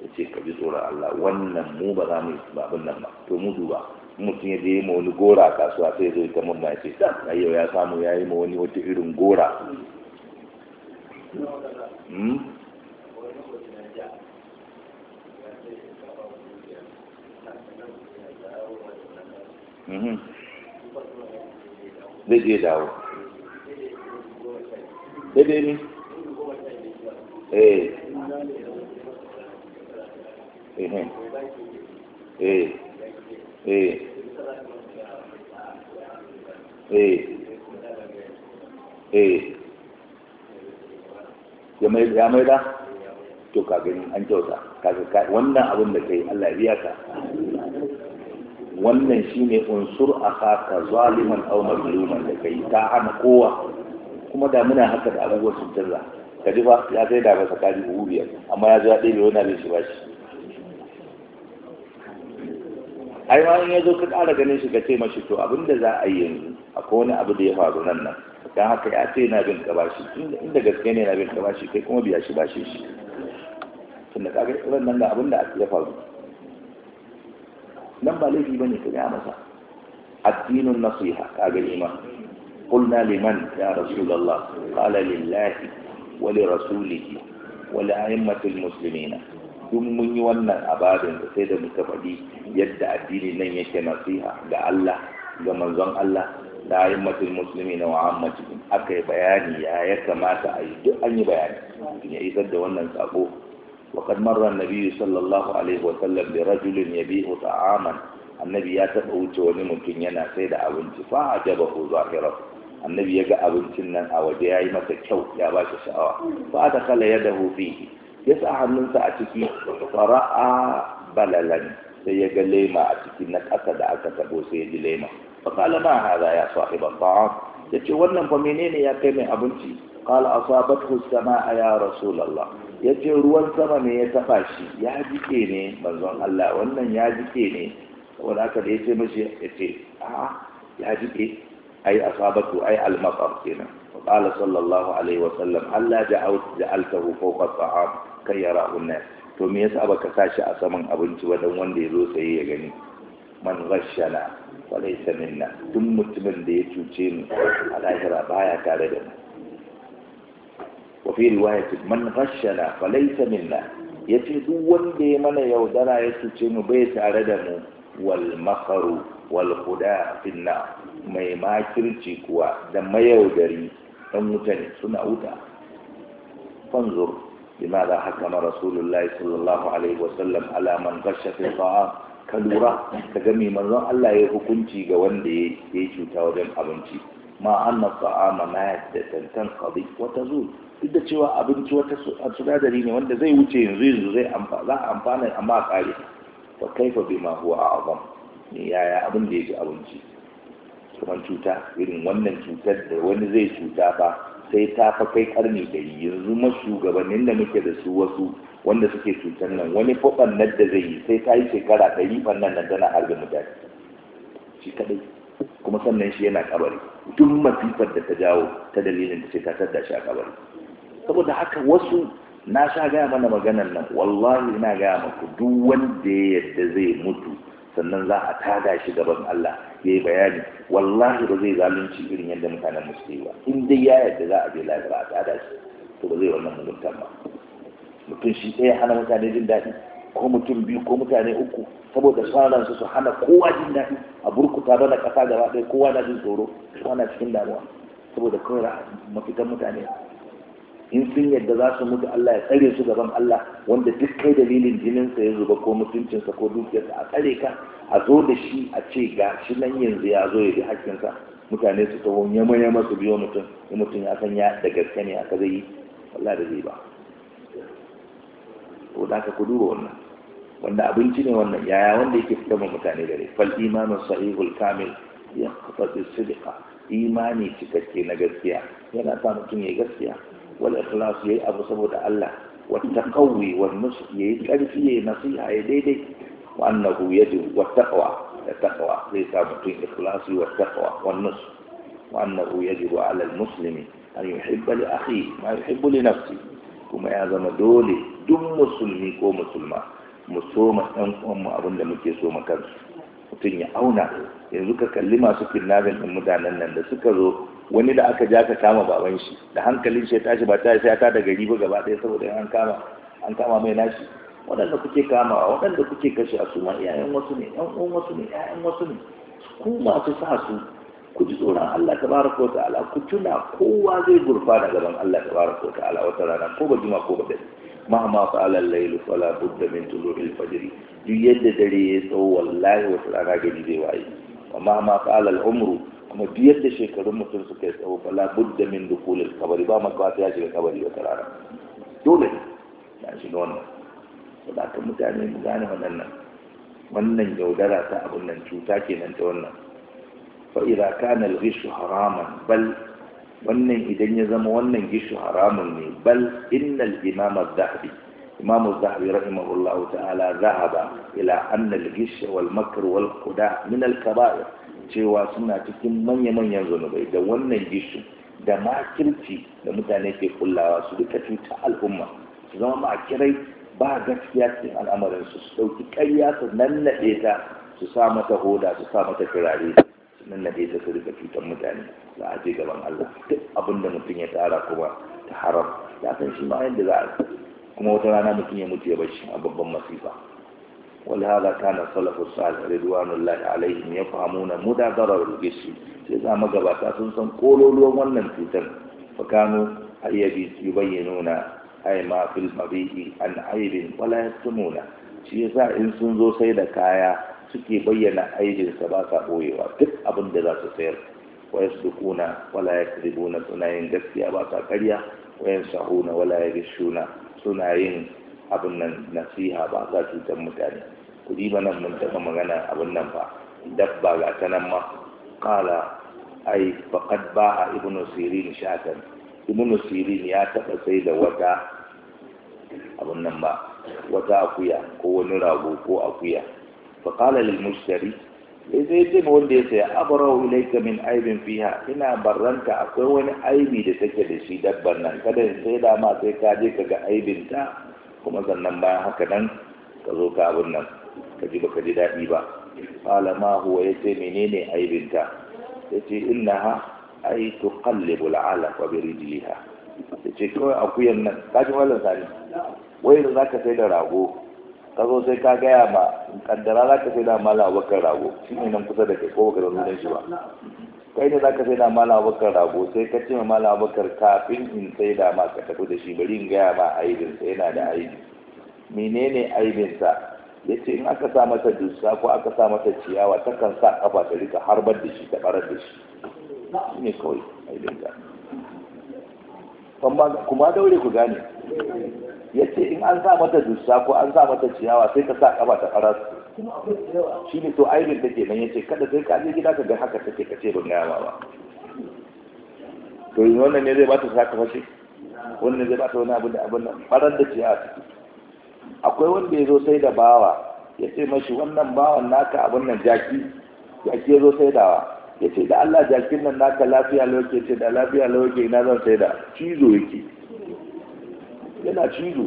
ya ce ka ji tsoron Allah wannan mu ba za mu yi abin nan ba to mu duba mutum ya je ma wani gora kasuwa sai zai ta murna ya ce ta yau ya samu ya yi ma wani wata irin gora Mm-hmm. zai je dawo daidai ne eh. Ee. Ee. Ee. Ee. eh eh, eh. eh. ya mai da to ka gani an kyauta kaga wannan abin da kai Allah ya biya ka wannan shi ne unsur haka zaliman aumar mazluman da kai ta hana kowa kuma da muna haka da abubuwa sun canza ka ji ba ya zai da ba sakali buhu biyar amma ya zo ya ɗebe wani abin shi ba shi ai ma in ya zo ka ƙara ganin shi ka ce mashi to abin da za a yi yanzu akwai wani abu da ya faru nan nan don haka ya ce na bin ka bashi inda gaske ne na bin ka kai kuma biya shi ba shi shi. tunda kaga wannan nan da abin da ya faru nan ba laifi bane ka gaya masa addinun nasiha ka ga liman qulna liman ya rasulullah qala lillahi wa li rasulihi wa li a'immatil muslimina mun yi wannan abadin da sai da muka faɗi yadda addini nan yake nasiha ga Allah ga manzon Allah da a'immatul muslimin wa ammatihim akai bayani ya ya kamata a yi duk an yi bayani ya isar da wannan sako وقد مر النبي صلى الله عليه وسلم برجل يبيع طعاما annabi ya taɓa wuce wani mutum yana sai da abinci fa a jaba ko zahira annabi ya ga abincin nan a waje ya yi masa kyau ya ba shi sha'awa fa a dakala ya dahu fihi ya sa hannunsa a ciki fara'a balalan sai ya ga lema a cikin na ƙasa da aka taɓo sai ya ji lema fa kala hada ya sahiban ta'am ya ce wannan fa menene ya kai mai abinci qala asabathu a ya rasulullah ya ce ruwan sama ne ya tafa shi ya jike ne manzon Allah wannan ya jike ne saboda haka da ya ce mashi ya ce a ya jike ai asabatu ai al kenan wa sallallahu alaihi wa sallam Allah ja'alta ja'altahu fawqa at-ta'am kai yarahu an to me yasa baka shi a saman abinci ba dan wanda ya zo sai ya gani man ghashana wa laysa minna duk mutumin da ya cuce ni a lahira baya tare da mu wa fi riwayatin man ghashana falaysa minna yace duk wanda ya mana yaudara ya cuce mu bai tare da mu wal makaru finna mai makirci kuwa da mayaudari dan wuta ne suna wuta fanzur لماذا حكم رسول الله صلى الله عليه وسلم على من غش في ka ga mai manzon Allah ya hukunci ga wanda ya yi cuta wajen abinci ma anna ta'ama ma yadda tantan qadi wa tazul duk da cewa abinci wata sunadari ne wanda zai wuce yanzu yanzu zai za a amfana amma a kai fa bai bima a a'zam ne yaya abin da ya ji abinci kamar cuta irin wannan cutar da wani zai cuta fa sai ta fa kai karni da yanzu masu gabanin da muke da su wasu wanda suke cutar nan wani faɓan nan da zai yi sai ta yi shekara ɗari fannan nan tana harbe mutane shi kadai kuma sannan shi yana kabari duk masifar da ta jawo ta dalilin da ce ta shi a kabari saboda haka wasu na sha gaya mana maganar nan wallahi na gaya maku duk wanda ya yadda zai mutu sannan za a tada shi gaban Allah ya yi bayani wallahi ba zai zalunci irin yadda mutanen yi ba in dai ya yadda za a je lafiya a tada shi to ba zai wannan mugunta ba mutum shi ɗaya hana mutane jin daɗi ko mutum biyu ko mutane uku saboda sauran su su hana kowa jin daɗi a burkuta bana ƙasa gaba ɗaya kowa na jin tsoro kowa na cikin damuwa saboda kawai mafitan mutane in sun yadda za su mutu Allah ya tsare su gaban Allah wanda duk kai dalilin jininsa ya zuba ko mutuncinsa ko dukiyarsa a tsare ka a zo da shi a ce ga shi nan yanzu ya zo ya bi hakkinsa mutane su taho yama yama su biyo mutum in mutum ya san ya da gaske ne aka zai yi Allah da zai ba to da ka ku duba wannan wanda abinci ne wannan yaya wanda yake fitar ma mutane gare fal imanu sahihul kamil ya kafa sidqa imani cikakke na gaskiya yana sa mutum ya gaskiya wal ikhlas yayi abu saboda Allah wa taqawi wal nusu yayi karfi yayi nasiha yayi daidai wa annahu yadu wa taqwa da taqwa zai sa mutum ikhlasi wa taqwa wal nusu wa annahu an yuhibba li akhi ma yuhibbu li nafsi kuma ya zama dole duk musulmi ko musulma mu da muke so kansu mutum ya auna yanzu ka kalli masu kidnapping ɗin mutanen nan da suka zo wani da aka ja ka kama baban shi da hankalin shi ya tashi ba ta sai ya da gari ba gaba ɗaya saboda an kama an kama mai nashi waɗanda kuke kamawa waɗanda kuke kashe a suma iyayen wasu ne ƴan uwan wasu ne iyayen wasu ne ku masu sa su ku ji tsoron Allah tabaraka wa ta'ala ku tuna kowa zai gurfa daga gaban Allah tabaraka wa ta'ala wata rana ko ba juma ko ba dare ma fa al-layl fala budda min tulu'il fajr duk yadda dare ya tsawo wallahi wata rana gari zai waye ma mahama fa'ala al-umru اما بيت شي كرم مترسك او فلا بد من دخول القبر با ما قاطع شي القبر وترى دول يعني شنو انا فدا كم تاني مغان ونن ونن جودرا تا ابن نن چوتا كينن تا ونن فاذا كان الغش حراما بل ونن اذا يزم ونن غش حراما بل ان الامام الذهبي رحمه الله تعالى ذهب إلى أن الغش والمكر والخداع من الكبائر cewa suna cikin manya-manyan zunubai da wannan gishu da makirci da mutane ke kullawa su duka cuta al'umma su zama makirai ba gaskiya cikin al'amarin su su ɗauki ƙarya su nannaɗe ta su sa mata hoda su sa mata turare su nannaɗe ta su rika cutar mutane za a je gaban Allah duk abin da mutum ya tara kuma ta haram ya san shi ma yadda za a kuma wata rana mutum ya mutu ya bar shi a babban masifa ولهذا كان سلف الصالح رضوان الله عليهم يفهمون مدى ضرر الجسم sai za ma gabata sun san kololuwan wannan cutar fa kano ayyabi yubayyanuna ay ma fil an aibin wala yasmuna shi yasa in sun zo sai da kaya suke bayyana aibin sa ba sa boyewa duk abinda da za su sayar wa yasduquna wala yakribuna suna yin gaskiya ba sa kwayan wa yansahuna wala yashuna suna yin abin nan nasiha ba sa cutar mutane ku ba nan mun taɓa magana abin nan ba dabba ga ta nan ma kala ai ba a ibnu sirin shatan ibnu sirin ya taɓa sai da wata abin nan ba wata akuya ko wani rago ko akuya faqala lil mushtari sai ce wanda ya saya abarau ilaika min aibin fiha ina barranta akwai wani aibi da take da shi dabban nan kada sai da ma sai ka je ka ga aibin kuma sannan bayan haka nan ka zo ka abin nan ka ji baka ji daɗi ba ƙala ma huwa yace menene aibinta kalle bula ala ko al'alaqa bi ya ce kawai akuyan nan ka ji wallan sani wai da ka sai da rago ka zo sai ka gaya ma kaddara za ka sai da mala bakar rago shi ne nan kusa da kai ko baka zo shi ba kai ne zaka sai da mala abubakar rago sai ka ce mala abubakar kafin in sai da ma ka tafi da shi bari in gaya ma aibin sa yana da aibi menene aibin sa yace in aka sa masa dusa ko aka sa masa ciyawa ta kan sa kafa ta rika harbar da shi ta barar da shi ne kawai aibin sa kuma daure ku gane yace in an sa mata dusa ko an sa mata ciyawa sai ka sa kafa ta barar shi ne to aibin take nan ya ce, kada sai ka je gida ka ga haka take kace ban gaya ba to wannan ne zai ba ta saka fashe wannan zai ba ta wani abu da abin nan farar da ciya ciki akwai wanda ya zo sai da bawa ya ce mashi wannan bawan naka abin nan jaki jaki ya zo sai wa ya ce da Allah jakin nan naka lafiya lauke ce da lafiya lauke ina zan sai da cizo yake yana cizo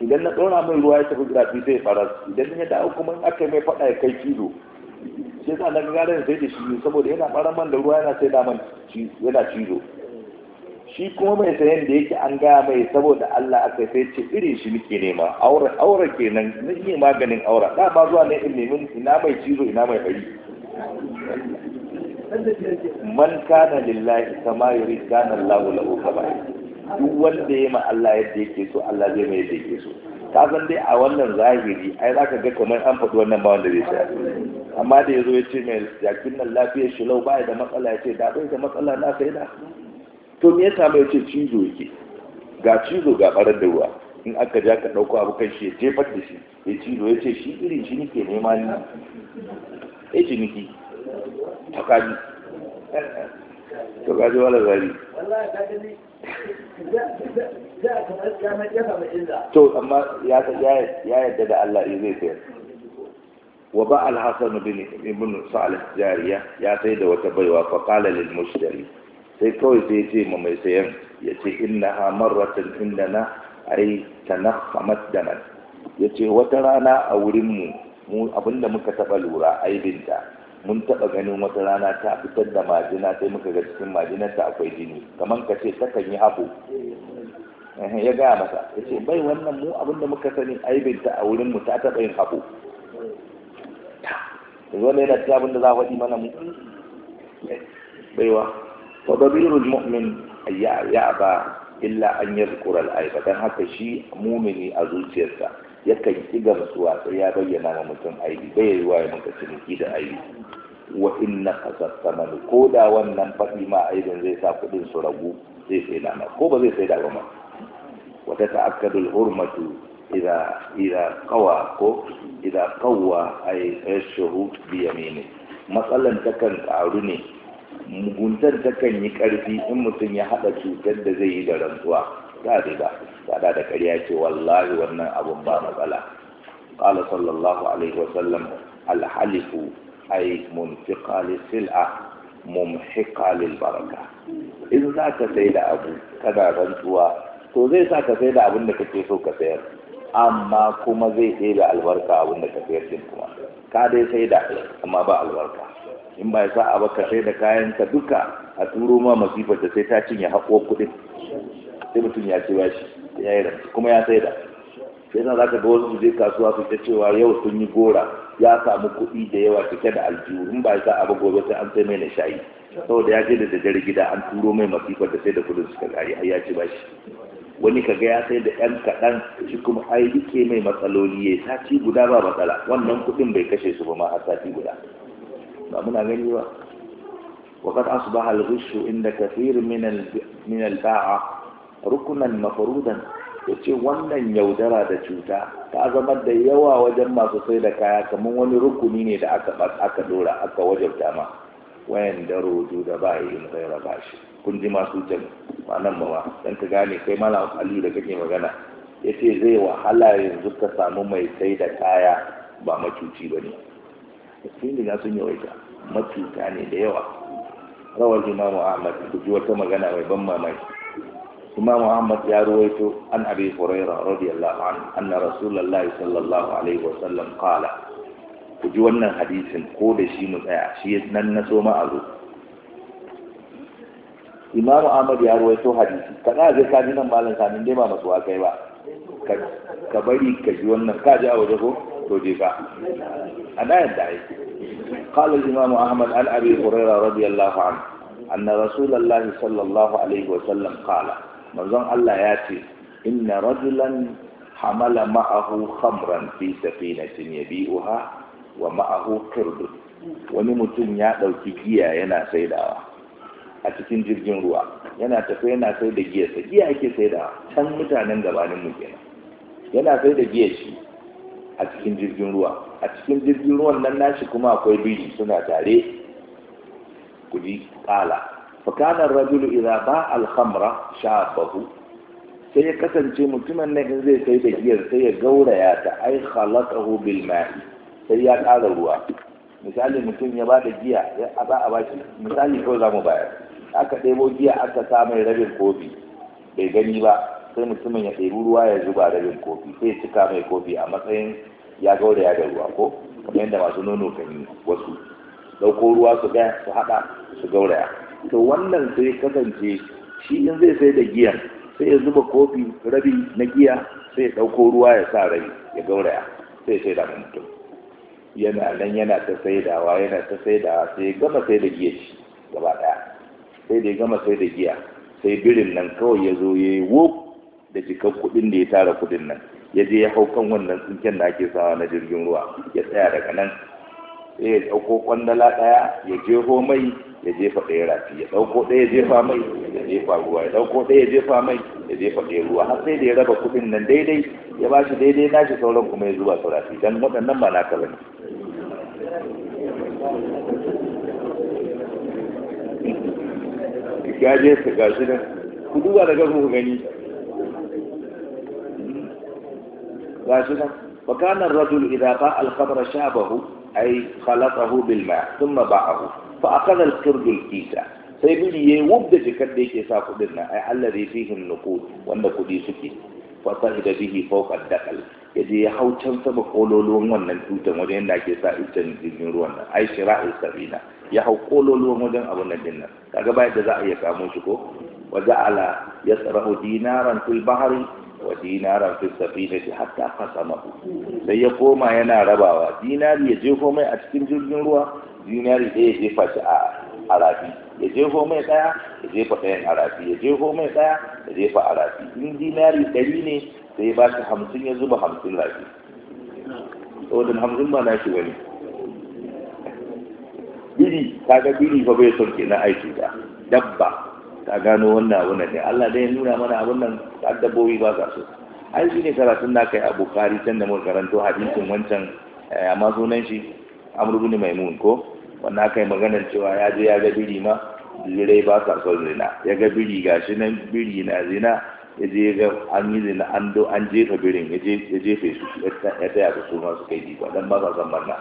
idan na ɗora mai ruwa ya tafi gurafi sai faras idan ya dawo kuma in aka mai faɗa ya kai kilo sai sa na gara sai da shi saboda yana ɓarar man da ruwa yana sai da man yana cizo shi kuma mai sayan da yake an gaya mai saboda Allah aka sai ce irin shi nake nema aura Aura kenan na iya maganin aura da ba zuwa ne in ina mai cizo ina mai ɗari man kana lillahi kama yuri kana Allahu lahu kama duk wanda ya ma Allah yadda yake so Allah zai mai yadda yake so ka san dai a wannan zahiri ai zaka ga kamar an faɗi wannan ba wanda zai tsaya amma da yazo ya ce mai yakin nan lafiyar shi lau bai da matsala ya ce da bai da matsala na sai da to me yasa mai ce cizo yake ga cizo ga barar da ruwa in aka ja ka ɗauko abu kan shi ya jefar da shi ya cizo ya ce shi irin shi nake nema ni ya ce niki ta kaji to kaji wala zari to amma ya yadda da Allah ya zai sayar wa ba al-hasan bin ibn salih jariya ya sai da wata baiwa fa qala lil mushtari sai kawai sai ce ma mai sayan ya ce ha marratan indana ai tanakhamat daman ya wata rana a wurin mu mu abinda muka taba lura binta. mun taɓa ganin wata rana ta fitar da majina sai muka ga cikin majinar ta akwai jini kamar ka ce ta kan yi abu. ya gaya masa ya ce bai wannan mu abin da muka sani aibinta a wurin mu ta taɓa yin abu. da zo da yana abinda da za a faɗi mana mu baiwa wa babirul mu'min ya ba illa an yi al-aiba dan haka shi mumini a zuciyarsa yakan ƙi gamsuwa sai ya bayyana ma mutum aibi bai yiwa ya maka ciniki da aibi wa inna ko da wannan faɗi ma aibin zai sa kuɗin su ragu zai sai da ko ba zai sai da ba ma wata ta'akkadul hurmatu idza idza qawa ko idza qawa ay yashuhu bi yamini matsalan takan karu ne muguntar takan yi karfi in mutum ya hada cutar da zai yi da rantsuwa ba dai ba sada da ƙarya ce wallahi wannan abun ba matsala qala sallallahu alaihi wasallam alhalifu ay munfiqa sil'a mumhiqa lil baraka in za ka sai da abu kana rantsuwa to zai sa ka sai da abin da kake so ka sayar amma kuma zai sai da albarka abin da ka sayar din kuma ka dai sai da amma ba albarka in ba ya sa ba ka sai da kayan ka duka a turo ma masifar da sai ta cinye haƙo kuɗin sai mutum ya ce ba shi ya kuma ya sai da sai zan zaka ga wasu je kasuwa su ta cewa yau sun yi gora ya samu kuɗi da yawa cike da aljihu in ba sa abu gobe sai an sai mai na shayi saboda ya je da daddare gida an turo mai masifar da sai da kudin suka gari har ya ci bashi wani kaga ya sai da yan kaɗan shi kuma ai rike mai matsaloli ya sati guda ba matsala wannan kuɗin bai kashe su ba ma har sati guda ba muna gani ba وقد أصبح الغش عند كثير من من الباعة rukunan mafarudan ya ce wannan yaudara da cuta ta zama da yawa wajen masu sai da kaya kamar wani rukuni ne da aka aka dora aka wajen dama. wayan da rojo da ba yi in gaira shi kun ji masu jan ba nan ba ka gane kai mana aliyu da kake magana ya ce zai wahala yanzu ka samu mai sai da kaya ba macuci ba ne sun sun macuta ne da yawa rawar imamu ahmad da ji wata magana mai ban mamaki إمام محمد يرويت عن أبي هريرة رضي الله عنه أن رسول الله صلى الله عليه وسلم قال وجوانا حديث قول شيء متأع شيء ننسو ما أرو إمام محمد يرويت حديث كان هذا كان من مالا كان من ما مسوا كيبا كبري كجوانا كاجا وجهه توجيكا أنا أدعي قال الإمام أحمد عن أبي هريرة رضي الله عنه أن رسول الله صلى الله عليه وسلم قال manzon Allah ya ce inna rajulan hamala ma'ahu khamran fi safinatin yabi'uha wa ma'ahu qird wani mutum ya dauki giya yana saidawa a cikin jirgin ruwa yana tafe yana sai da giya sa giya ake saidawa can mutanen gabanin mu kenan yana sai da giya shi a cikin jirgin ruwa a cikin jirgin ruwan nan nashi kuma akwai biri suna tare kuji kala فكان الرجل إذا باع الخمر شابه sai ya kasance mutumin nan in zai sai da giyar sai ya gauraya ta ai khalaqahu bil ma'i sai ya ƙara ruwa misali mutum ya bada giya a za a bashi misali ko za mu bayar aka ɗebo giya aka sa mai rabin kofi bai gani ba sai mutumin ya ɗebi ruwa ya zuba rabin kofi sai ya cika mai kofi a matsayin ya gauraya da ruwa ko kamar yadda masu nono kan yi wasu ɗauko ruwa su ɗaya su haɗa su gauraya to wannan sai kasance shi in zai sai da giya sai ya zuba kofi rabi na giya sai ya ɗauko ruwa ya sa rabi ya gauraya sai sai da mutum yana nan yana ta saidawa yana ta saidawa sai gama sai da giya shi gaba ɗaya sai da gama sai da giya sai birin nan kawai ya zo ya yi wop da cikar kuɗin da ya tara kuɗin nan ya je ya hau kan wannan tsinken da ake sawa na jirgin ruwa ya tsaya daga nan sai ya ɗauko kwandala ɗaya ya jeho mai ya jefa ɗaya rafi ya ɗauko ɗaya ya jefa mai ya jefa ruwa ya ɗauko ɗaya ya jefa mai ya jefa ɗaya ruwa har sai da ya raba kuɗin nan daidai ya ba shi daidai nashi sauran kuma ya zuba su rafi don waɗannan ba naka ba ne. ya je su gashi nan ku duba daga ku gani gashi nan فكان الرجل إذا باع الخمر شابه أي خلطه بالماء ثم باعه fa akhadha al-qirdu al-kisa sai biri yayi wub da jikar da yake sa kuɗin nan ai allazi fihim nuqud wanda kudi suke fa sahida bihi fawqa ad-daqal yaje ya hau can sama kololuwan wannan tutan wajen yadda ake sa iccen jirgin ruwan nan ai shira'il sabina ya hau kololuwan wajen abu nan din nan kaga yadda za a iya kamo shi ko wa ja'ala yasrahu dinaran fil bahri wa dinaran fi safinati hatta qasamahu sai ya koma yana rabawa dinari ya je komai a cikin jirgin ruwa zinari ɗaya ya jefa shi a rafi ya jefo mai tsaya ya jefa ɗayan a rafi ya jefo mai tsaya ya jefa a in zinari ɗari ne sai ba shi hamsin ya zuba hamsin rafi saboda hamsin ba na shi wani biri kaga biri fa bai son kenan aiki da dabba ta gano wannan wannan ne Allah dai ya nuna mana abun nan dabbobi ba sa su ai shi ne karatun na kai a Bukhari can da mun karanto hadisin wancan eh, amma sunan shi Amr ibn Maimun ko wannan aka yi maganar cewa ya je ya ga biri ma zirai ba sa son zina ya ga biri gashi nan biri na zina ya je ga an yi zina an do an jefa birin ya jefe su ya taya su su masu su kai jifa dan ba sa son manna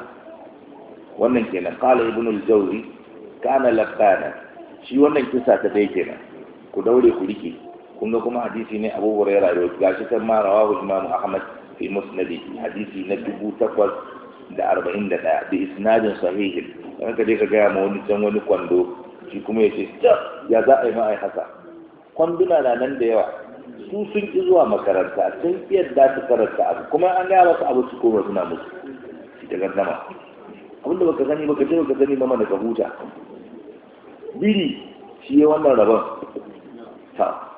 wannan kenan kala ibn al-jawzi kana laqana shi wannan kisa ta dai kenan ku daure ku rike kun ga kuma hadisi ne Abu Hurairah da gashi kan ma rawahu Imam Ahmad fi musnadi hadisi na dubu takwas da arba'in da ɗaya da isnadin sahihin an ka je ka gaya ma wani can wani kwando shi kuma ya ce ya za a yi ma'ai haka kwanduna na nan da yawa su sun ƙi zuwa makaranta sun ƙi yadda su karanta abu kuma an gaya masu abu su koma suna musu shi ta gandama abin da baka sani baka ce baka sani ba mana ka huta biri shi ya wannan rabon ta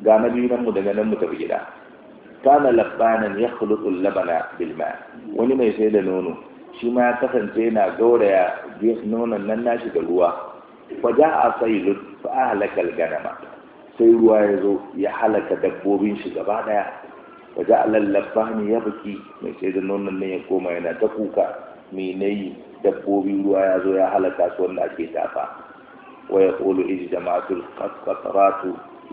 ga na biyu nan mu daga nan mu tafi gida kana labbanan ya khuluqul labana bil ma wani mai sai da nono shi ma ya kasance yana gauraya nonon nan nashi da ruwa fa ja'a saylun fa ahlaka ganama sai ruwa ya zo ya halaka dabbobin shi gaba daya wa ja'ala al-labbani yabki mai sai da nonon nan ya koma yana ta kuka mai nayi dabbobi ruwa ya zo ya halaka su wanda ake tafa wa yaqulu iz jama'atul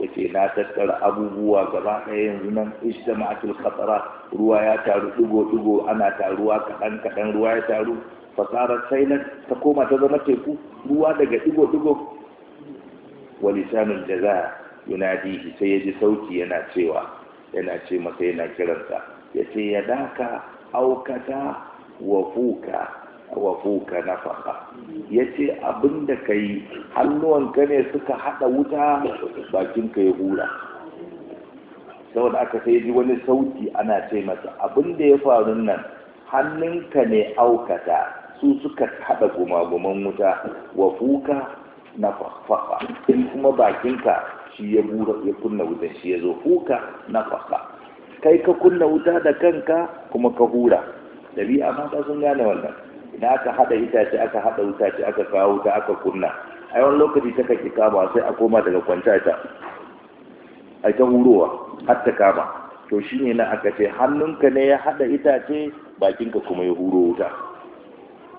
yace na tattara abubuwa gaba ɗaya yanzu nan ijtama'atul khatara ruwa ya taru digo digo ana taruwa kaɗan kaɗan ruwa ya taru fasarar sailan ta koma ta zama teku ruwa daga digo digo walisanul jaza yunadihi sai ya ji yana cewa yana ce masa yana kiransa yace ya daka aukata wa fuka wa fuka nafaka yace abinda kai ka ne suka hada wuta bakinka ya hura saboda aka sai ji wani sauti ana ce masa abinda ya faru nan hannunka ne aukata su suka hada gumaguman wuta wa fuka nafaka in kuma bakinka shi ya ya kunna wuta shi ya zo fuka fafa kai ka kunna wuta da kanka kuma ka hura dabi'a mata sun gane wannan idan aka hada itace aka hada wuta ce aka kawo ta aka kunna a yawan lokaci ta kake kama sai a koma daga kwanta ta a ta hurowa har ta kama to shine na aka ce hannunka ne ya hada itace bakinka kuma ya huro wuta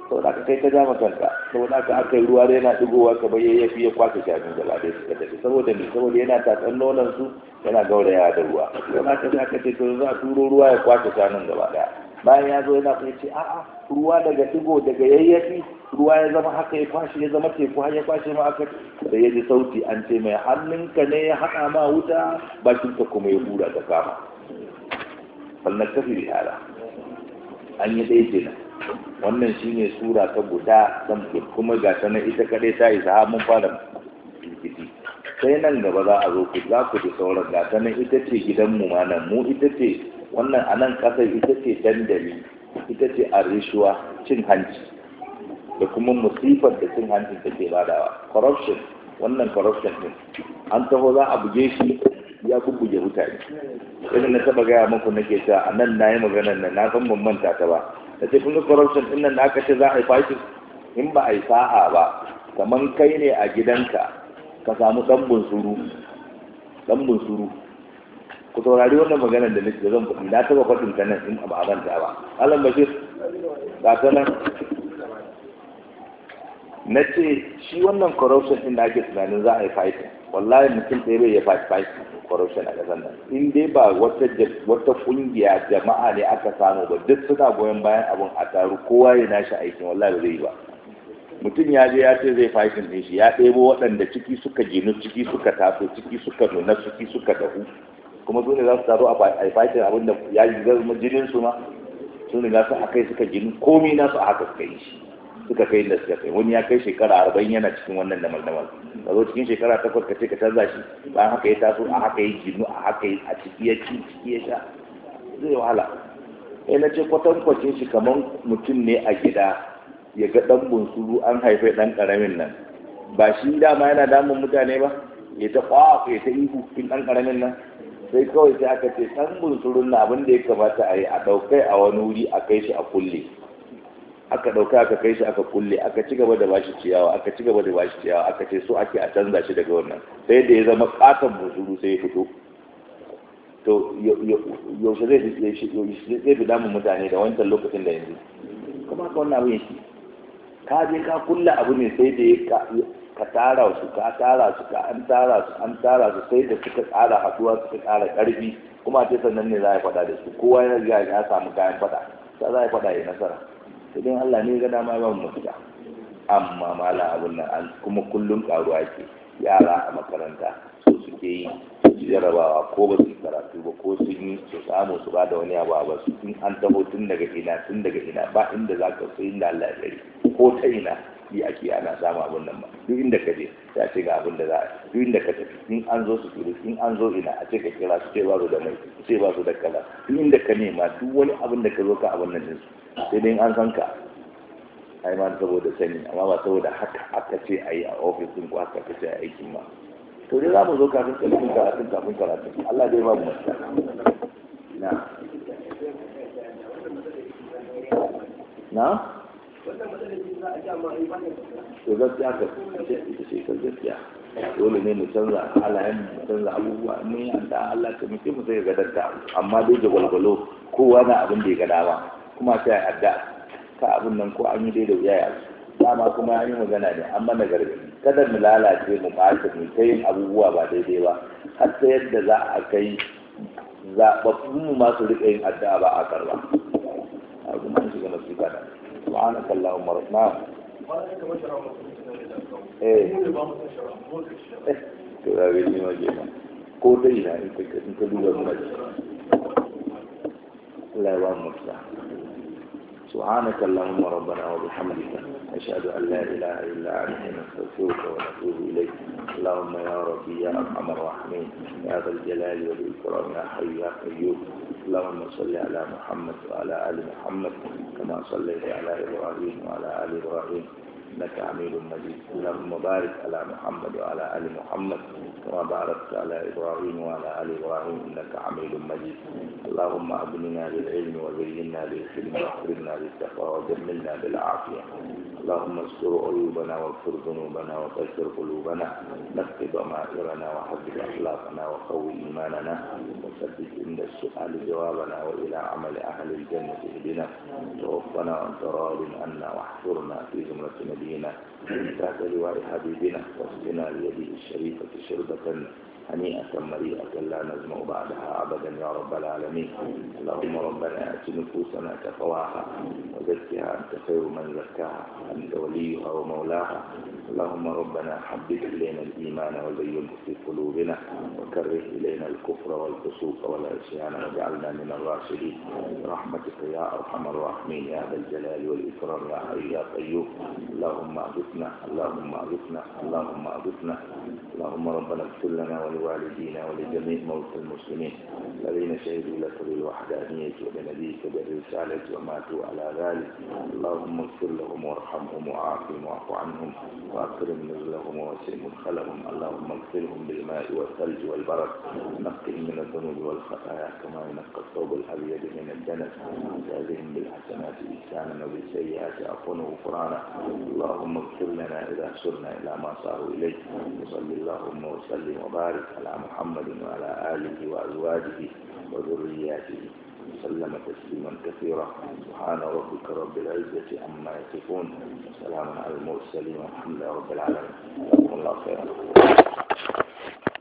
saboda aka kai ta ja kanka saboda aka aka yi ruwa yana digowa ka bai ya fiye kwasa shafin gaba da suka tafi saboda ne saboda yana tatsan nonansu yana gaura yawa da ruwa saboda aka aka ce to za turo ruwa ya kwasa shanun gaba daya bayan ya zo yana kuma ce a'a ruwa daga digo daga yayyafi ruwa ya zama haka ya kwashe ya zama teku har ya kwashe ma aka da ya ji sauti an ce mai hannunka ne ya haɗa ma wuta bakinka kuma ya bura da kama sannan kafi yara an yi ɗaya kenan wannan shine sura ta guda dan kuma ga ta ita kaɗai ta isa mun fara rikici sai nan gaba za a zo ku za ku ji sauran ga ta ita ce gidanmu ma nan mu ita ce wannan a nan ƙasar ita ce dandali ita ce a rishuwa cin hanci da kuma musifar da cin hanci ke badawa corruption wannan corruption ne. an taho za a buge shi ya buge mutane irin na taba gaya muku nake ta a nan na yi maganar nan na san ban manta ta ba da ce kun corruption din nan da aka za a yi fashin in ba a yi sa'a ba kamar kai ne a gidanka ka samu ɗan suru. ɗan bunsuru ku saurari wannan maganar da nake zan faɗi na taɓa faɗin ta nan in ba a manta ba alam bashir ga ta nan na ce shi wannan corruption din da ake tunanin za a yi fight wallahi mutum ɗaya bai ya fight fight corruption a ƙasar nan in dai ba wata wata kungiya jama'a ne aka samu ba duk suna goyon bayan abun a taru kowa ya nashi aikin wallahi ba zai yi ba mutum ya je ya ce zai fashin din shi ya ɗebo waɗanda ciki suka ginu ciki suka taso ciki suka nuna ciki suka dahu kuma su ne za su taru a fashin abin da ya yi zama jirin su ma su ne su a kai suka gini komi nasu a haka suka yi shi suka kai da suka kai wani ya kai shekara arba'in yana cikin wannan damar damar ka zo cikin shekara takwas ka ce ka canza shi bayan haka ya taso a haka ya ginu a haka a ciki ya ci ciki ya sha zai wahala sai eh, na ce kwatankwacin shi kamar mutum ne a gida ya ga dan bunsuru an haifai dan karamin nan ba shi dama yana damun mutane ba ya ta kwafa ya ta ihu cikin dan karamin nan sai kawai sai aka ce ɗan bunsurun na abin da ya kamata a yi a ɗaukai a wani wuri a kai shi a kulle aka ɗauka aka kai shi aka kulle aka ci gaba da bashi ciyawa aka ci gaba da bashi ciyawa aka ce so ake a canza shi daga wannan sai da ya zama ƙaton bunsuru sai ya fito to yaushe zai fi damun mutane da wancan lokacin da yanzu kuma ka wannan abin shi ka je ka kulle abu ne sai da ya ka tara su ka tara su ka an tara su an tara su sai da suka tsara haduwa suka tsara karfi kuma ce sannan ne za a faɗa da su kowa ya riga ya samu kayan faɗa ta za a faɗa ya nasara sai Allah ne ga dama yawan mafita amma mala abun nan kuma kullum karuwa ke yara a makaranta su suke yi su jarabawa ko ba su karatu ba ko sun yi su samu su ba da wani abu ba su tun an taho tun daga ina tun daga ina ba inda za ka sai inda Allah ya ko ta ina yi ake ana samu abin nan ba duk inda ka je ya ce ga abin da za a duk inda ka tafi in an zo su turu in an zo ina a ce ka kira su ce ba su da mai ce ba su da kala duk inda ka nema duk wani abin da ka zo ka abin nan din sai dai an san ka ai ma saboda sani amma ba saboda haka aka ce a yi a ofis din ko aka ce a aikin ma to dai za mu zo kafin kafin karatun kafin karatun Allah dai ba mu na na to gaskiya ka ita ce ka gaskiya dole ne mu canza halayen mu canza abubuwa ne yi da Allah ta mutum mu sai ga dadda amma dai da gwalgwalo kowa na abin da ya ga dama kuma sai a adda ka abin nan ko an yi dai da wuya ya dama kuma an yi magana ne an na garbi kada mu lalace mu ɓata mu ta yin abubuwa ba daidai ba har ta yadda za a kai zaɓaɓɓun mu masu riƙa yin addu'a ba a karba سبحانك اللهم ربنا ايه كده بيجي مجمع كودينا انت انت دولا مجمع لا يوام سبحانك اللهم ربنا وبحمدك أشهد أن لا إله إلا أنت نستغفرك ونتوب إليك اللهم يا ربي يا أرحم الراحمين يا ذا الجلال والإكرام يا حي يا قيوم اللهم صل على محمد وعلى آل محمد كما صليت على إبراهيم وعلى آل إبراهيم إنك عميل مجيد اللهم مبارك على محمد وعلى آل محمد كما باركت على إبراهيم وعلى آل إبراهيم إنك عميل مجيد اللهم أبننا بالعلم وزينا بالحلم وأكرمنا بالتقوى وجملنا بالعافية اللهم استر عيوبنا واغفر ذنوبنا وطهر قلوبنا نقي ضمائرنا وحبب أخلاقنا وقوي إيماننا وثبت عند السؤال جوابنا وإلى عمل أهل الجنة اهدنا توفنا وانت راض عنا واحفرنا في زمرة نبي المؤمنين ذات لواء حبيبنا واسقنا بيده الشريفة شربة هنيئة مريئة لا نزمع بعدها أبدا يا رب العالمين اللهم ربنا آت نفوسنا تقواها وزكها أنت خير من زكاها أنت وليها ومولاها اللهم ربنا حبب إلينا الإيمان وزينه في قلوبنا وكره إلينا الكفر والفسوق والعصيان واجعلنا من الراشدين برحمتك يا أرحم الراحمين يا ذا الجلال والإكرام يا حي يا قيوم اللهم أغثنا اللهم أغثنا اللهم أغثنا اللهم ربنا اغفر لنا ولي ولوالدينا ولجميع موتى المسلمين الذين شهدوا لك بالوحدانية وبنبيك بالرسالة وماتوا على ذلك اللهم اغفر لهم وارحمهم وعافهم واعف عنهم واكرم نزلهم ووسع مدخلهم اللهم اغسلهم بالماء والثلج والبرد نقهم من الذنوب والخطايا كما ينقى الثوب الابيض من الدنس وجازهم بالحسنات احسانا وبالسيئات عفوا وغفرانا اللهم اغفر لنا اذا سرنا الى ما صاروا اليه وصل اللهم وسلم وبارك على محمد وعلى آله وأزواجه وذرياته وسلم تسليما كثيرا سبحان ربك رب العزة عما يصفون وسلام على المرسلين والحمد لله رب العالمين الله خيرا